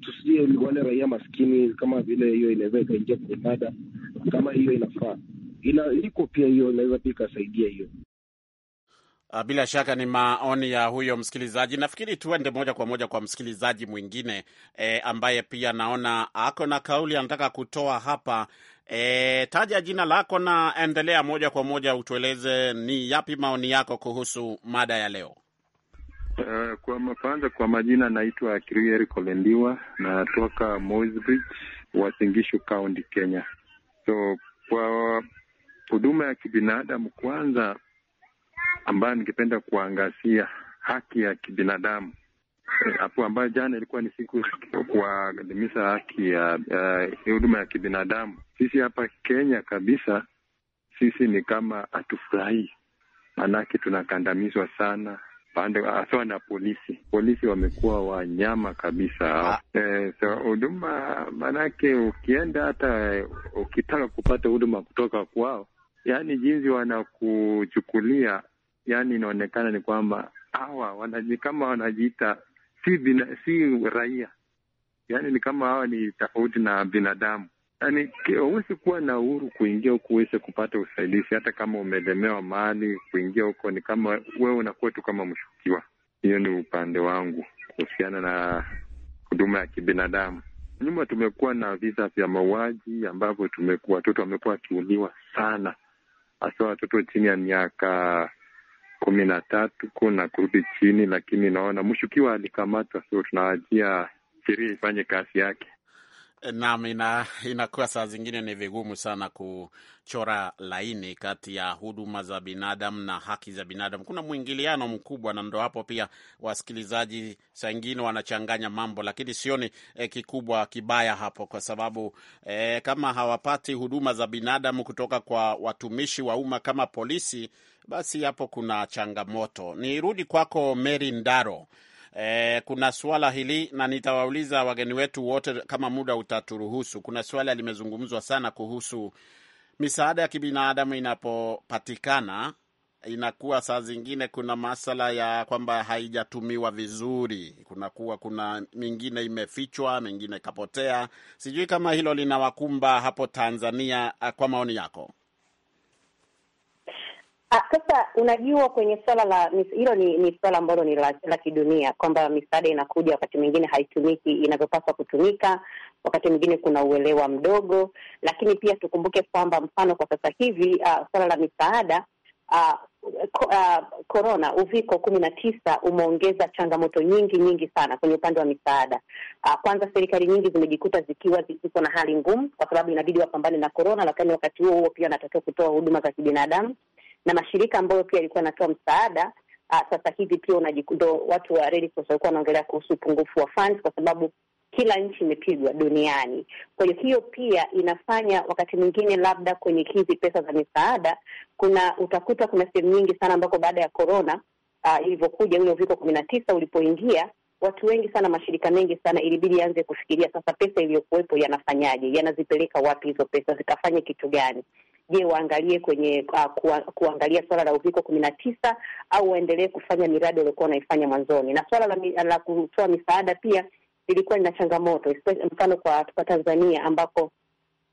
tusije wale raia maskini kama vile hiyo inaweza ikaingia kwenye mada kama hiyo inafaa ina, iko pia hiyo inaweza pia ikasaidia hiyo. Ah, bila shaka ni maoni ya huyo msikilizaji. Nafikiri tuende moja kwa moja kwa msikilizaji mwingine e, ambaye pia naona ako na kauli anataka kutoa hapa E, taja jina lako na endelea moja kwa moja utueleze ni yapi maoni yako kuhusu mada ya leo. Uh, kwa kwanza kwa majina naitwa Krieri Kolendiwa, natoka Mosbridge, Wasingishu County, Kenya. So kwa huduma ya kibinadamu kwanza, ambayo ningependa kuangazia haki ya kibinadamu hapo ambayo jana ilikuwa ni siku ya kuadhimisha haki ya huduma ya kibinadamu. Sisi hapa Kenya kabisa, sisi ni kama hatufurahii, maanake tunakandamizwa sana pande hasa na polisi. Polisi wamekuwa wanyama kabisa ah. E, huduma ah. Eh, so, maanake ukienda hata ukitaka kupata huduma kutoka kwao, yani jinsi wanakuchukulia, yani inaonekana ni kwamba hawa wanaji, kama wanajiita si bina, si raia, yaani ni kama hawa ni tofauti na binadamu. Yaani huwezi kuwa na uhuru kuingia huku uweze kupata usaidizi, hata kama umelemewa mahali. Kuingia huko ni kama wewe unakuwa tu kama mshukiwa. Hiyo ni upande wangu kuhusiana na huduma ya kibinadamu. Nyuma tumekuwa na visa vya mauaji ambavyo watoto wamekuwa wakiuliwa sana, hasa watoto chini ya miaka kumi na tatu kuna kurudi chini, lakini naona mshukiwa alikamatwa, so tunawajia sheria ifanye kazi yake. Naam, ina, inakuwa saa zingine ni vigumu sana kuchora laini kati ya huduma za binadamu na haki za binadamu. Kuna mwingiliano mkubwa, na ndo hapo pia wasikilizaji saa ingine wanachanganya mambo, lakini sioni eh, kikubwa kibaya hapo, kwa sababu eh, kama hawapati huduma za binadamu kutoka kwa watumishi wa umma kama polisi basi hapo kuna changamoto. Nirudi kwako Mary Ndaro. E, kuna suala hili na nitawauliza wageni wetu wote kama muda utaturuhusu. Kuna suala limezungumzwa sana kuhusu misaada ya kibinadamu inapopatikana inakuwa saa zingine kuna masala ya kwamba haijatumiwa vizuri, kunakuwa kuna mingine imefichwa, mingine ikapotea. Sijui kama hilo linawakumba hapo Tanzania, kwa maoni yako. Ah, sasa unajua, kwenye swala la hilo ni, ni swala ambalo ni la, la kidunia kwamba misaada inakuja, wakati mwingine haitumiki inavyopaswa kutumika, wakati mwingine kuna uelewa mdogo, lakini pia tukumbuke kwamba mfano kwa sasa hivi uh, swala la misaada uh, ah, korona uh, uviko kumi na tisa umeongeza changamoto nyingi nyingi sana kwenye upande wa misaada uh, kwanza serikali nyingi zimejikuta zikiwa ziko na hali ngumu, kwa sababu inabidi wapambane na korona, lakini wakati huo huo pia anatakiwa kutoa huduma za kibinadamu na mashirika ambayo pia yalikuwa yanatoa msaada uh, sasa hivi pia ndo watu wa Red Cross walikuwa wanaongelea kuhusu upungufu wa funds kwa sababu kila nchi imepigwa duniani. Kwa hiyo hiyo pia inafanya wakati mwingine, labda kwenye hizi pesa za misaada, kuna utakuta kuna sehemu nyingi sana ambako baada ya korona uh, ah, ilivyokuja ule uviko kumi na tisa ulipoingia, watu wengi sana, mashirika mengi sana, ilibidi yaanze kufikiria sasa, pesa iliyokuwepo yanafanyaje, yanazipeleka wapi hizo pesa, zikafanye kitu gani? Je, waangalie kwenye uh, kuwa, kuangalia swala la uviko kumi na tisa au waendelee kufanya miradi waliokuwa wanaifanya mwanzoni? Na swala la, la kutoa misaada pia lilikuwa lina changamoto, mfano kwa, kwa Tanzania ambapo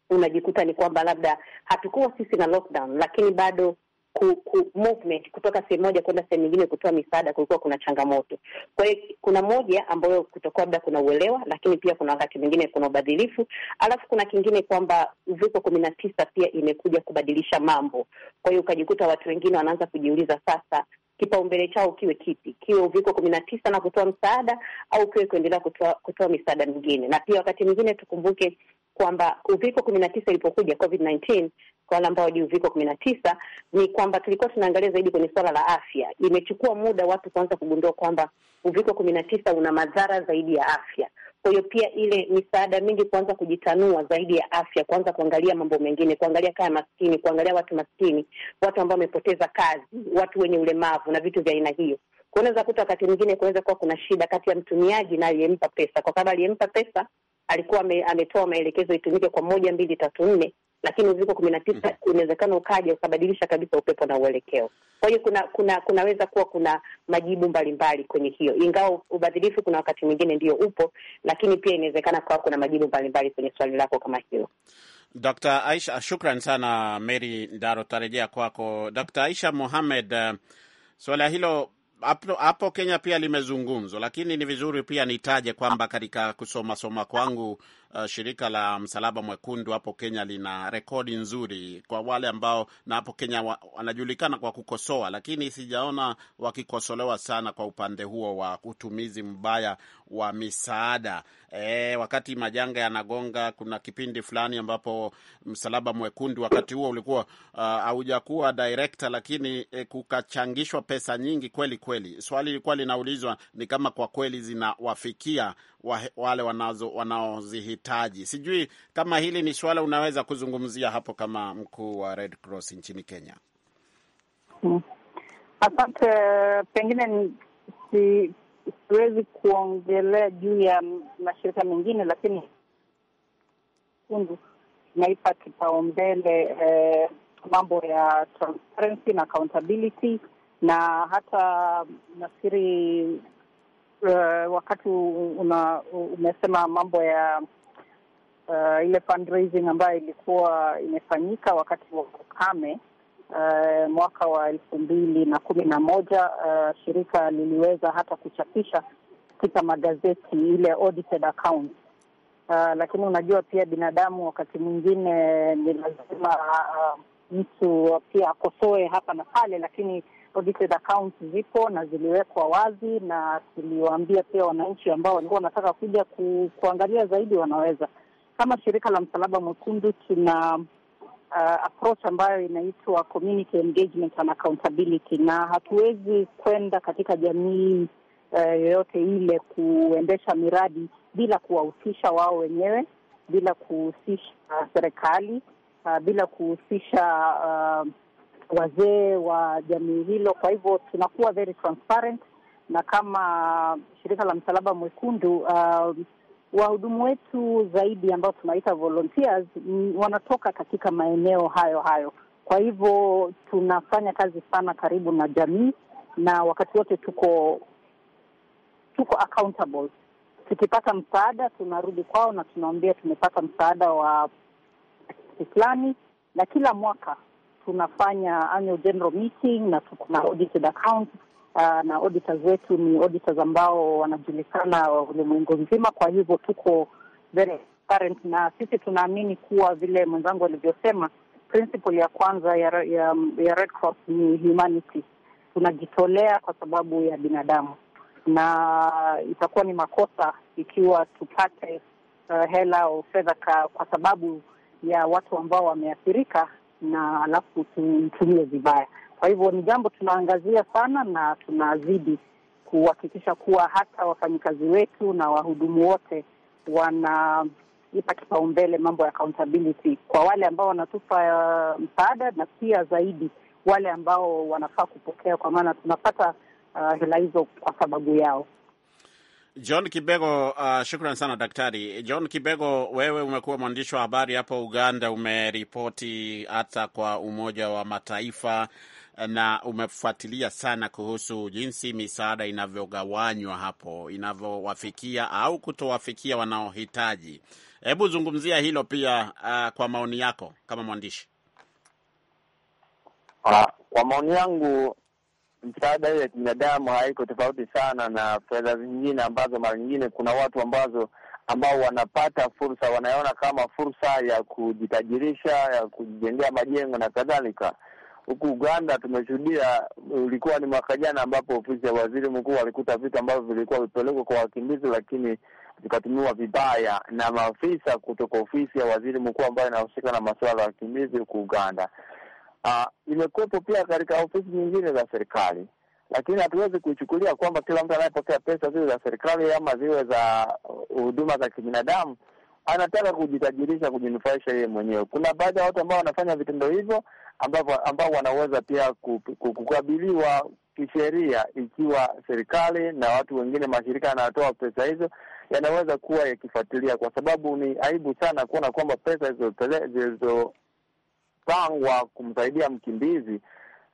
unajikuta ni kwamba labda hatukuwa sisi na lockdown, lakini bado ku, ku movement kutoka sehemu moja kwenda sehemu nyingine kutoa misaada kulikuwa kuna changamoto. Kwa hiyo kuna moja ambayo kutokuwa labda kuna uelewa, lakini pia kuna wakati mwingine kuna ubadhilifu alafu kuna kingine kwamba uviko kumi na tisa pia imekuja kubadilisha mambo. Kwa hiyo ukajikuta watu wengine wanaanza kujiuliza sasa kipaumbele chao kiwe kipi, kiwe uviko kumi na tisa na kutoa msaada au kiwe kuendelea kutoa, kutoa misaada mingine. Na pia wakati mwingine tukumbuke kwamba uviko kumi na tisa ilipokuja COVID-19 wale ambao wajui uviko kumi na tisa ni kwamba tulikuwa tunaangalia zaidi kwenye suala la afya. Imechukua muda watu kuanza kugundua kwamba uviko kumi na tisa una madhara zaidi ya afya. Kwa hiyo pia ile misaada mingi kuanza kujitanua zaidi ya afya, kuanza kuangalia mambo mengine, kuangalia kaya maskini, kuangalia watu maskini, watu ambao wamepoteza kazi, watu wenye ulemavu na vitu vya aina hiyo. kunaweza kuta wakati mwingine kunaweza kuwa kuna shida kati ya mtumiaji na aliyempa pesa, kwa sababu aliyempa pesa alikuwa ame, ametoa maelekezo itumike kwa moja, mbili, tatu, nne, lakini uviko kumi na tisa mm-hmm. unawezekana ukaja ukabadilisha kabisa upepo na uelekeo. Kwa hiyo kuna kuna kunaweza kuwa kuna majibu mbalimbali mbali kwenye hiyo, ingawa ubadhilifu kuna wakati mwingine ndio upo, lakini pia inawezekana kuwa kuna majibu mbalimbali mbali kwenye swali lako kama hilo. Dkt. Aisha, shukran sana Mary Ndaro, tarejea kwako. Dkt. Aisha Mohamed, eh, swala hilo hapo Kenya pia limezungumzwa, lakini ni vizuri pia nitaje kwamba katika kusoma soma kwangu uh, shirika la Msalaba Mwekundu hapo Kenya lina rekodi nzuri kwa wale ambao, na hapo Kenya wa, wanajulikana kwa kukosoa, lakini sijaona wakikosolewa sana kwa upande huo wa utumizi mbaya wa misaada. E, wakati majanga yanagonga, kuna kipindi fulani ambapo Msalaba Mwekundu wakati huo ulikuwa eh, haujakuwa uh, director, lakini e, kukachangishwa pesa nyingi kweli kweli. Swali lilikuwa linaulizwa ni kama kwa kweli zinawafikia wale wanazo wanaozihitaji. Sijui kama hili ni swala unaweza kuzungumzia hapo kama mkuu wa Red Cross nchini Kenya. Hmm. Asante, pengine si, siwezi kuongelea juu ya mashirika mengine, lakini kundu tunaipa kipaumbele eh, mambo ya transparency na accountability na hata nafikiri uh, wakati una, umesema mambo ya uh, ile fundraising ambayo ilikuwa imefanyika wakati wa ukame uh, mwaka wa elfu mbili na kumi na moja uh, shirika liliweza hata kuchapisha katika magazeti ile audited account uh, lakini unajua pia binadamu wakati mwingine ni lazima uh, mtu pia akosoe hapa na pale, lakini za kaunti zipo na ziliwekwa wazi, na tuliwaambia pia wananchi ambao walikuwa wanataka kuja ku, kuangalia zaidi wanaweza. Kama shirika la Msalaba Mwekundu tuna uh, approach ambayo inaitwa community engagement and accountability, na hatuwezi kwenda katika jamii uh, yoyote uh, ile kuendesha miradi bila kuwahusisha wao wenyewe, bila kuhusisha serikali, uh, bila kuhusisha uh, wazee wa jamii hilo. Kwa hivyo tunakuwa very transparent, na kama shirika la Msalaba Mwekundu uh, wahudumu wetu zaidi ambao tunaita volunteers mm, wanatoka katika maeneo hayo hayo. Kwa hivyo tunafanya kazi sana karibu na jamii, na wakati wote tuko tuko accountable. Tukipata msaada tunarudi kwao na tunaambia tumepata msaada wa fulani, na kila mwaka tunafanya annual general meeting na na audited account uh, na auditors wetu ni auditors ambao wanajulikana ulimwengu mzima. Kwa hivyo tuko very current, na sisi tunaamini kuwa vile mwenzangu alivyosema, principle ya kwanza ya, ya, ya Red Cross ni humanity. Tunajitolea kwa sababu ya binadamu, na itakuwa ni makosa ikiwa tupate uh, hela au fedha kwa sababu ya watu ambao wameathirika na alafu tumtumie vibaya. Kwa hivyo ni jambo tunaangazia sana, na tunazidi kuhakikisha kuwa hata wafanyikazi wetu na wahudumu wote wanaipa kipaumbele mambo ya accountability kwa wale ambao wanatupa uh, msaada na pia zaidi wale ambao wanafaa kupokea, kwa maana tunapata uh, hela hizo kwa sababu yao. John Kibego, uh, shukran sana daktari John Kibego. Wewe umekuwa mwandishi wa habari hapo Uganda, umeripoti hata kwa Umoja wa Mataifa eh, na umefuatilia sana kuhusu jinsi misaada inavyogawanywa hapo, inavyowafikia au kutowafikia wanaohitaji. Hebu zungumzia hilo pia, uh, kwa maoni yako kama mwandishi. Ah, kwa maoni yangu msaada hiyo ya kibinadamu haiko tofauti sana na fedha zingine ambazo mara nyingine kuna watu ambazo ambao wanapata fursa, wanaona kama fursa ya kujitajirisha, ya kujijengea majengo na kadhalika. Huku Uganda tumeshuhudia, ulikuwa ni mwaka jana ambapo ofisi ya waziri mkuu alikuta vitu ambavyo vilikuwa vipelekwa kwa wakimbizi, lakini vikatumiwa vibaya na maafisa kutoka ofisi ya waziri mkuu ambayo inahusika na masuala ya wakimbizi huku Uganda. Ah, imekuwepo pia katika ofisi nyingine za serikali, lakini hatuwezi kuichukulia kwamba kila mtu anayepokea pesa zile za serikali ama ziwe za uh, huduma za kibinadamu anataka kujitajirisha, kujinufaisha yeye mwenyewe. Kuna baadhi ya watu ambao wanafanya vitendo hivyo ambao ambao wanaweza pia kukabiliwa kisheria, ikiwa serikali na watu wengine, mashirika yanayotoa pesa hizo yanaweza kuwa yakifuatilia, kwa sababu ni aibu sana kuona kwamba pesa zilizo mpango wa kumsaidia mkimbizi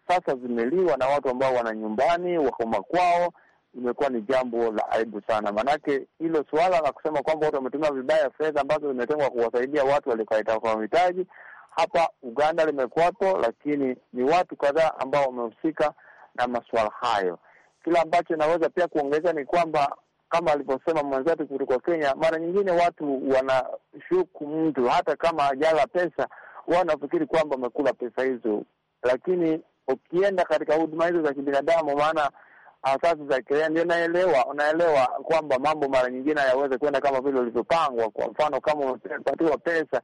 sasa zimeliwa na watu ambao wana nyumbani wako makwao. Imekuwa ni jambo la aibu sana, maanake hilo suala la kusema kwamba watu wametumia vibaya fedha ambazo zimetengwa kuwasaidia watu walikaita kwa mahitaji hapa Uganda limekuwapo, lakini ni watu kadhaa ambao wamehusika na masuala hayo. Kila ambacho inaweza pia kuongeza ni kwamba kama alivyosema mwenzetu kutoka Kenya, mara nyingine watu wanashuku mtu hata kama ajala pesa, wanafikiri kwamba wamekula pesa hizo, lakini ukienda katika huduma hizo za kibinadamu, maana ah, asasi za kiraia ndio naelewa, unaelewa kwamba mambo mara nyingine hayaweze kwenda kama vile ulivyopangwa. Kwa mfano, kama umepatiwa pesa,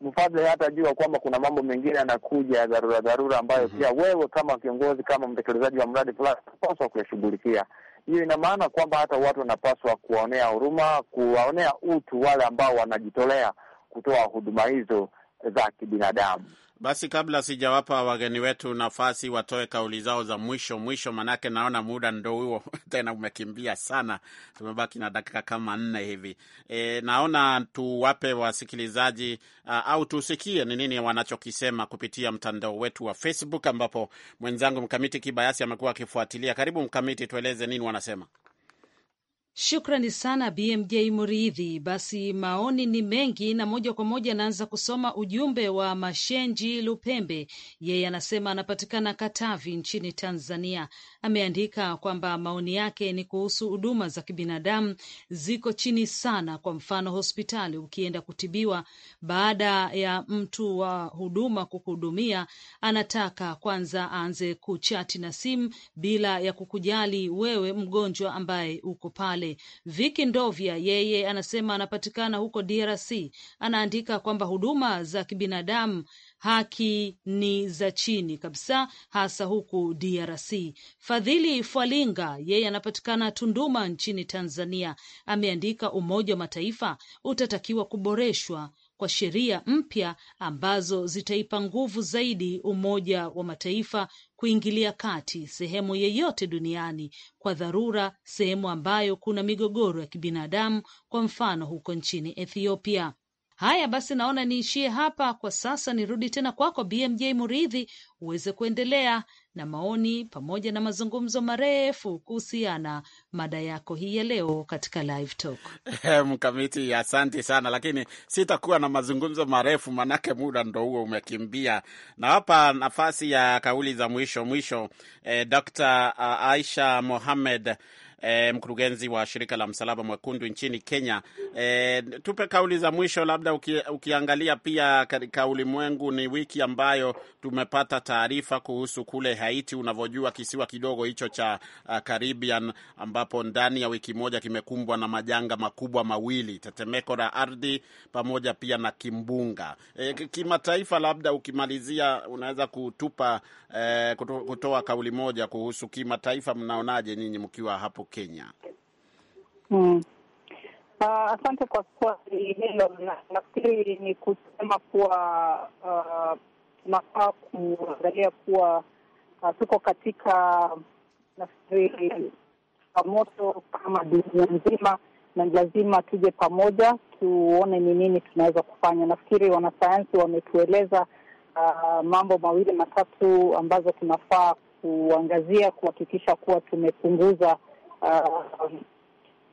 mfadhili hatajua kwamba kuna mambo mengine yanakuja ya dharura dharura, ambayo mhm. pia mm -hmm. wewe kama kiongozi, kama mtekelezaji wa mradi fulani, unapaswa kuyashughulikia. Hiyo ina maana kwamba hata watu wanapaswa kuwaonea huruma, kuwaonea utu wale ambao wanajitolea kutoa huduma hizo za kibinadamu. Basi kabla sijawapa wageni wetu nafasi watoe kauli zao za mwisho mwisho, manake naona muda ndo huo tena umekimbia sana, tumebaki na dakika kama nne hivi. E, naona tuwape wasikilizaji uh, au tusikie ni nini wanachokisema kupitia mtandao wetu wa Facebook ambapo mwenzangu Mkamiti Kibayasi amekuwa akifuatilia. Karibu Mkamiti, tueleze nini wanasema. Shukrani sana BMJ Muridhi. Basi maoni ni mengi, na moja kwa moja anaanza kusoma ujumbe wa Mashenji Lupembe. Yeye anasema anapatikana Katavi nchini Tanzania. Ameandika kwamba maoni yake ni kuhusu huduma za kibinadamu ziko chini sana. Kwa mfano, hospitali ukienda kutibiwa, baada ya mtu wa huduma kukuhudumia, anataka kwanza aanze kuchati na simu bila ya kukujali wewe mgonjwa ambaye uko pale Kale Viki Ndovya yeye anasema anapatikana huko DRC, anaandika kwamba huduma za kibinadamu haki ni za chini kabisa, hasa huku DRC. Fadhili Fwalinga yeye anapatikana Tunduma nchini Tanzania, ameandika Umoja wa Mataifa utatakiwa kuboreshwa kwa sheria mpya ambazo zitaipa nguvu zaidi Umoja wa Mataifa kuingilia kati sehemu yeyote duniani kwa dharura, sehemu ambayo kuna migogoro ya kibinadamu, kwa mfano huko nchini Ethiopia. Haya basi, naona niishie hapa kwa sasa, nirudi tena kwako BMJ Muridhi uweze kuendelea na maoni pamoja na mazungumzo marefu kuhusiana mada yako hii ya leo katika live talk. Eh, Mkamiti, asante sana, lakini sitakuwa na mazungumzo marefu manake muda ndo huo umekimbia. Na hapa nafasi ya kauli za mwisho mwisho, eh, Dr. Ah, Aisha Mohamed e, mkurugenzi wa shirika la Msalaba Mwekundu nchini Kenya. E, tupe kauli za mwisho labda uki, ukiangalia pia katika ulimwengu, ni wiki ambayo tumepata taarifa kuhusu kule Haiti, unavyojua kisiwa kidogo hicho cha uh, Caribbean ambapo ndani ya wiki moja kimekumbwa na majanga makubwa mawili, tetemeko la ardhi pamoja pia na kimbunga. E, kimataifa labda ukimalizia, unaweza kutupa e, kutoa kauli moja kuhusu kimataifa, mnaonaje nyinyi mkiwa hapo Kenya? Mm. Uh, asante kwa swali hilo. Nafikiri ni kusema kuwa ah, tunafaa uh, kuangalia kuwa uh, tuko katika nafikiri changamoto kama dunia nzima, na lazima tuje pamoja tuone ni nini tunaweza kufanya. Nafikiri wanasayansi wametueleza uh, mambo mawili matatu ambazo tunafaa kuangazia kuhakikisha kuwa tumepunguza Um,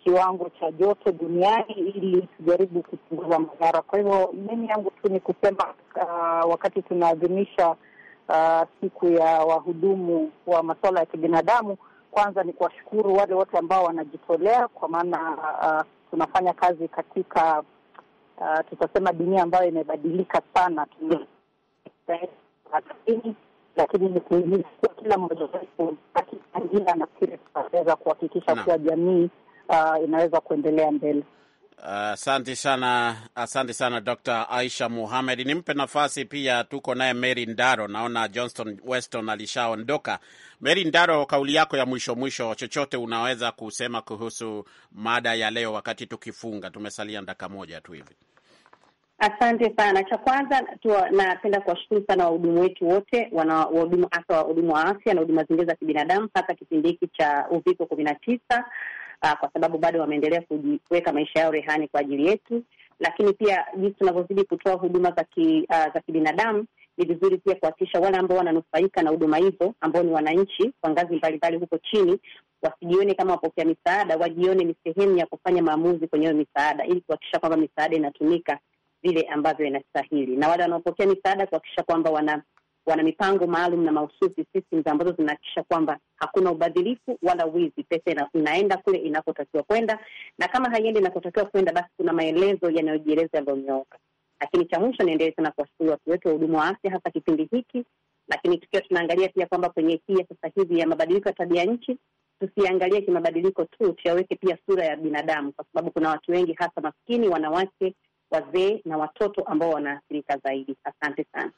kiwango cha joto duniani ili tujaribu kupunguza madhara. Kwa hivyo mimi yangu tu ni kusema uh, wakati tunaadhimisha uh, siku ya wahudumu wa masuala ya kibinadamu, kwanza ni kuwashukuru wale wote ambao wanajitolea, kwa maana uh, tunafanya kazi katika uh, tutasema dunia ambayo imebadilika sana lakini ni kuwa kila mmoja wetu akichangia, nafikiri tutaweza kuhakikisha kuwa jamii uh, inaweza kuendelea mbele. Asante uh, sana asante sana Dr. Aisha ni Nimpe nafasi pia, tuko naye Mary Ndaro. Naona Johnston Weston alishaondoka. Mary Ndaro, kauli yako ya mwisho mwisho, chochote unaweza kusema kuhusu mada ya leo, wakati tukifunga, tumesalia ndaka moja tu hivi. Asante sana. Cha kwanza napenda kuwashukuru sana wahudumu wetu wote wanawahudumu, hasa wahudumu wa afya na huduma zingine za kibinadamu, hasa kipindi hiki cha uviko kumi na tisa, ah, kwa sababu bado wameendelea kujiweka maisha yao rehani kwa ajili yetu. Lakini pia jinsi tunavyozidi kutoa huduma za ki, uh, za kibinadamu ni vizuri pia kuhakikisha wale ambao wananufaika na huduma hizo ambao ni wananchi kwa ngazi mbalimbali huko chini wasijione kama wapokea misaada, wajione ni sehemu ya kufanya maamuzi kwenye hiyo misaada, ili kuhakikisha kwamba misaada inatumika vile ambavyo inastahili, na wale wanaopokea misaada kuhakikisha kwamba wana wana mipango maalum na mahususi systems ambazo zinahakikisha kwamba hakuna ubadhilifu wala wizi. Pesa ina, inaenda kule inakotakiwa kwenda, na kama haiendi inakotakiwa kwenda, basi kuna maelezo yanayojieleza yaliyonyooka. Lakini cha mwisho, niendelee sana kuwashukuru watu wetu wa huduma wa afya, hasa kipindi hiki, lakini tukiwa tunaangalia pia kwamba kwenye hii ya sasa hivi ya mabadiliko ya tabia nchi tusiangalie kimabadiliko tu, tuyaweke pia sura ya binadamu, kwa sababu kuna watu wengi hasa maskini, wanawake wazee na watoto ambao wanaathirika zaidi. Asante sana.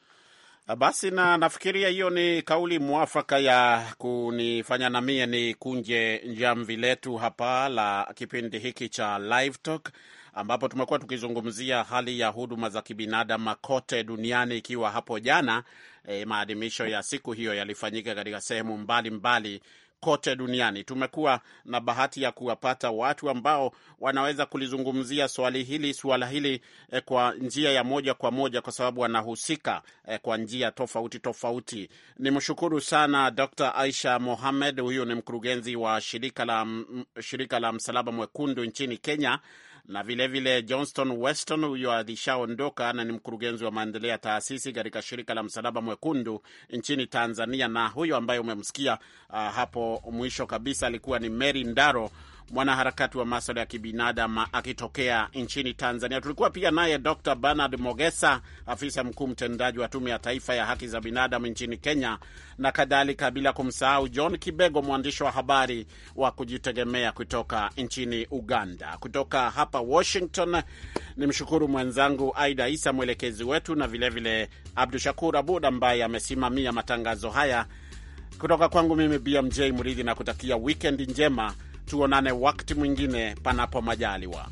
Ah, basi na nafikiria hiyo ni kauli mwafaka ya kunifanya na mie ni kunje jamvi letu hapa la kipindi hiki cha Live Talk ambapo tumekuwa tukizungumzia hali ya huduma za kibinadamu kote duniani, ikiwa hapo jana e, maadhimisho ya siku hiyo yalifanyika katika sehemu mbalimbali kote duniani. Tumekuwa na bahati ya kuwapata watu ambao wanaweza kulizungumzia swali hili suala hili eh, kwa njia ya moja kwa moja, kwa sababu wanahusika eh, kwa njia tofauti tofauti. Nimshukuru sana Dr. Aisha Mohamed, huyu ni mkurugenzi wa shirika la, shirika la Msalaba Mwekundu nchini Kenya na vilevile vile Johnston Weston huyo alishaondoka na ni mkurugenzi wa maendeleo ya taasisi katika shirika la Msalaba Mwekundu nchini Tanzania, na huyo ambaye umemsikia uh, hapo mwisho kabisa alikuwa ni Mary Ndaro mwanaharakati wa maswala ya kibinadamu akitokea nchini Tanzania. Tulikuwa pia naye Dr Bernard Mogesa, afisa mkuu mtendaji wa Tume ya Taifa ya Haki za Binadamu nchini Kenya na kadhalika, bila kumsahau John Kibego, mwandishi wa habari wa kujitegemea kutoka nchini Uganda. Kutoka hapa Washington ni mshukuru mwenzangu Aida Isa, mwelekezi wetu, na vilevile Abdu Shakur Abud ambaye amesimamia matangazo haya. Kutoka kwangu mimi BMJ Mridhi, na kutakia wikendi njema Tuonane wakati mwingine, panapo majaliwa.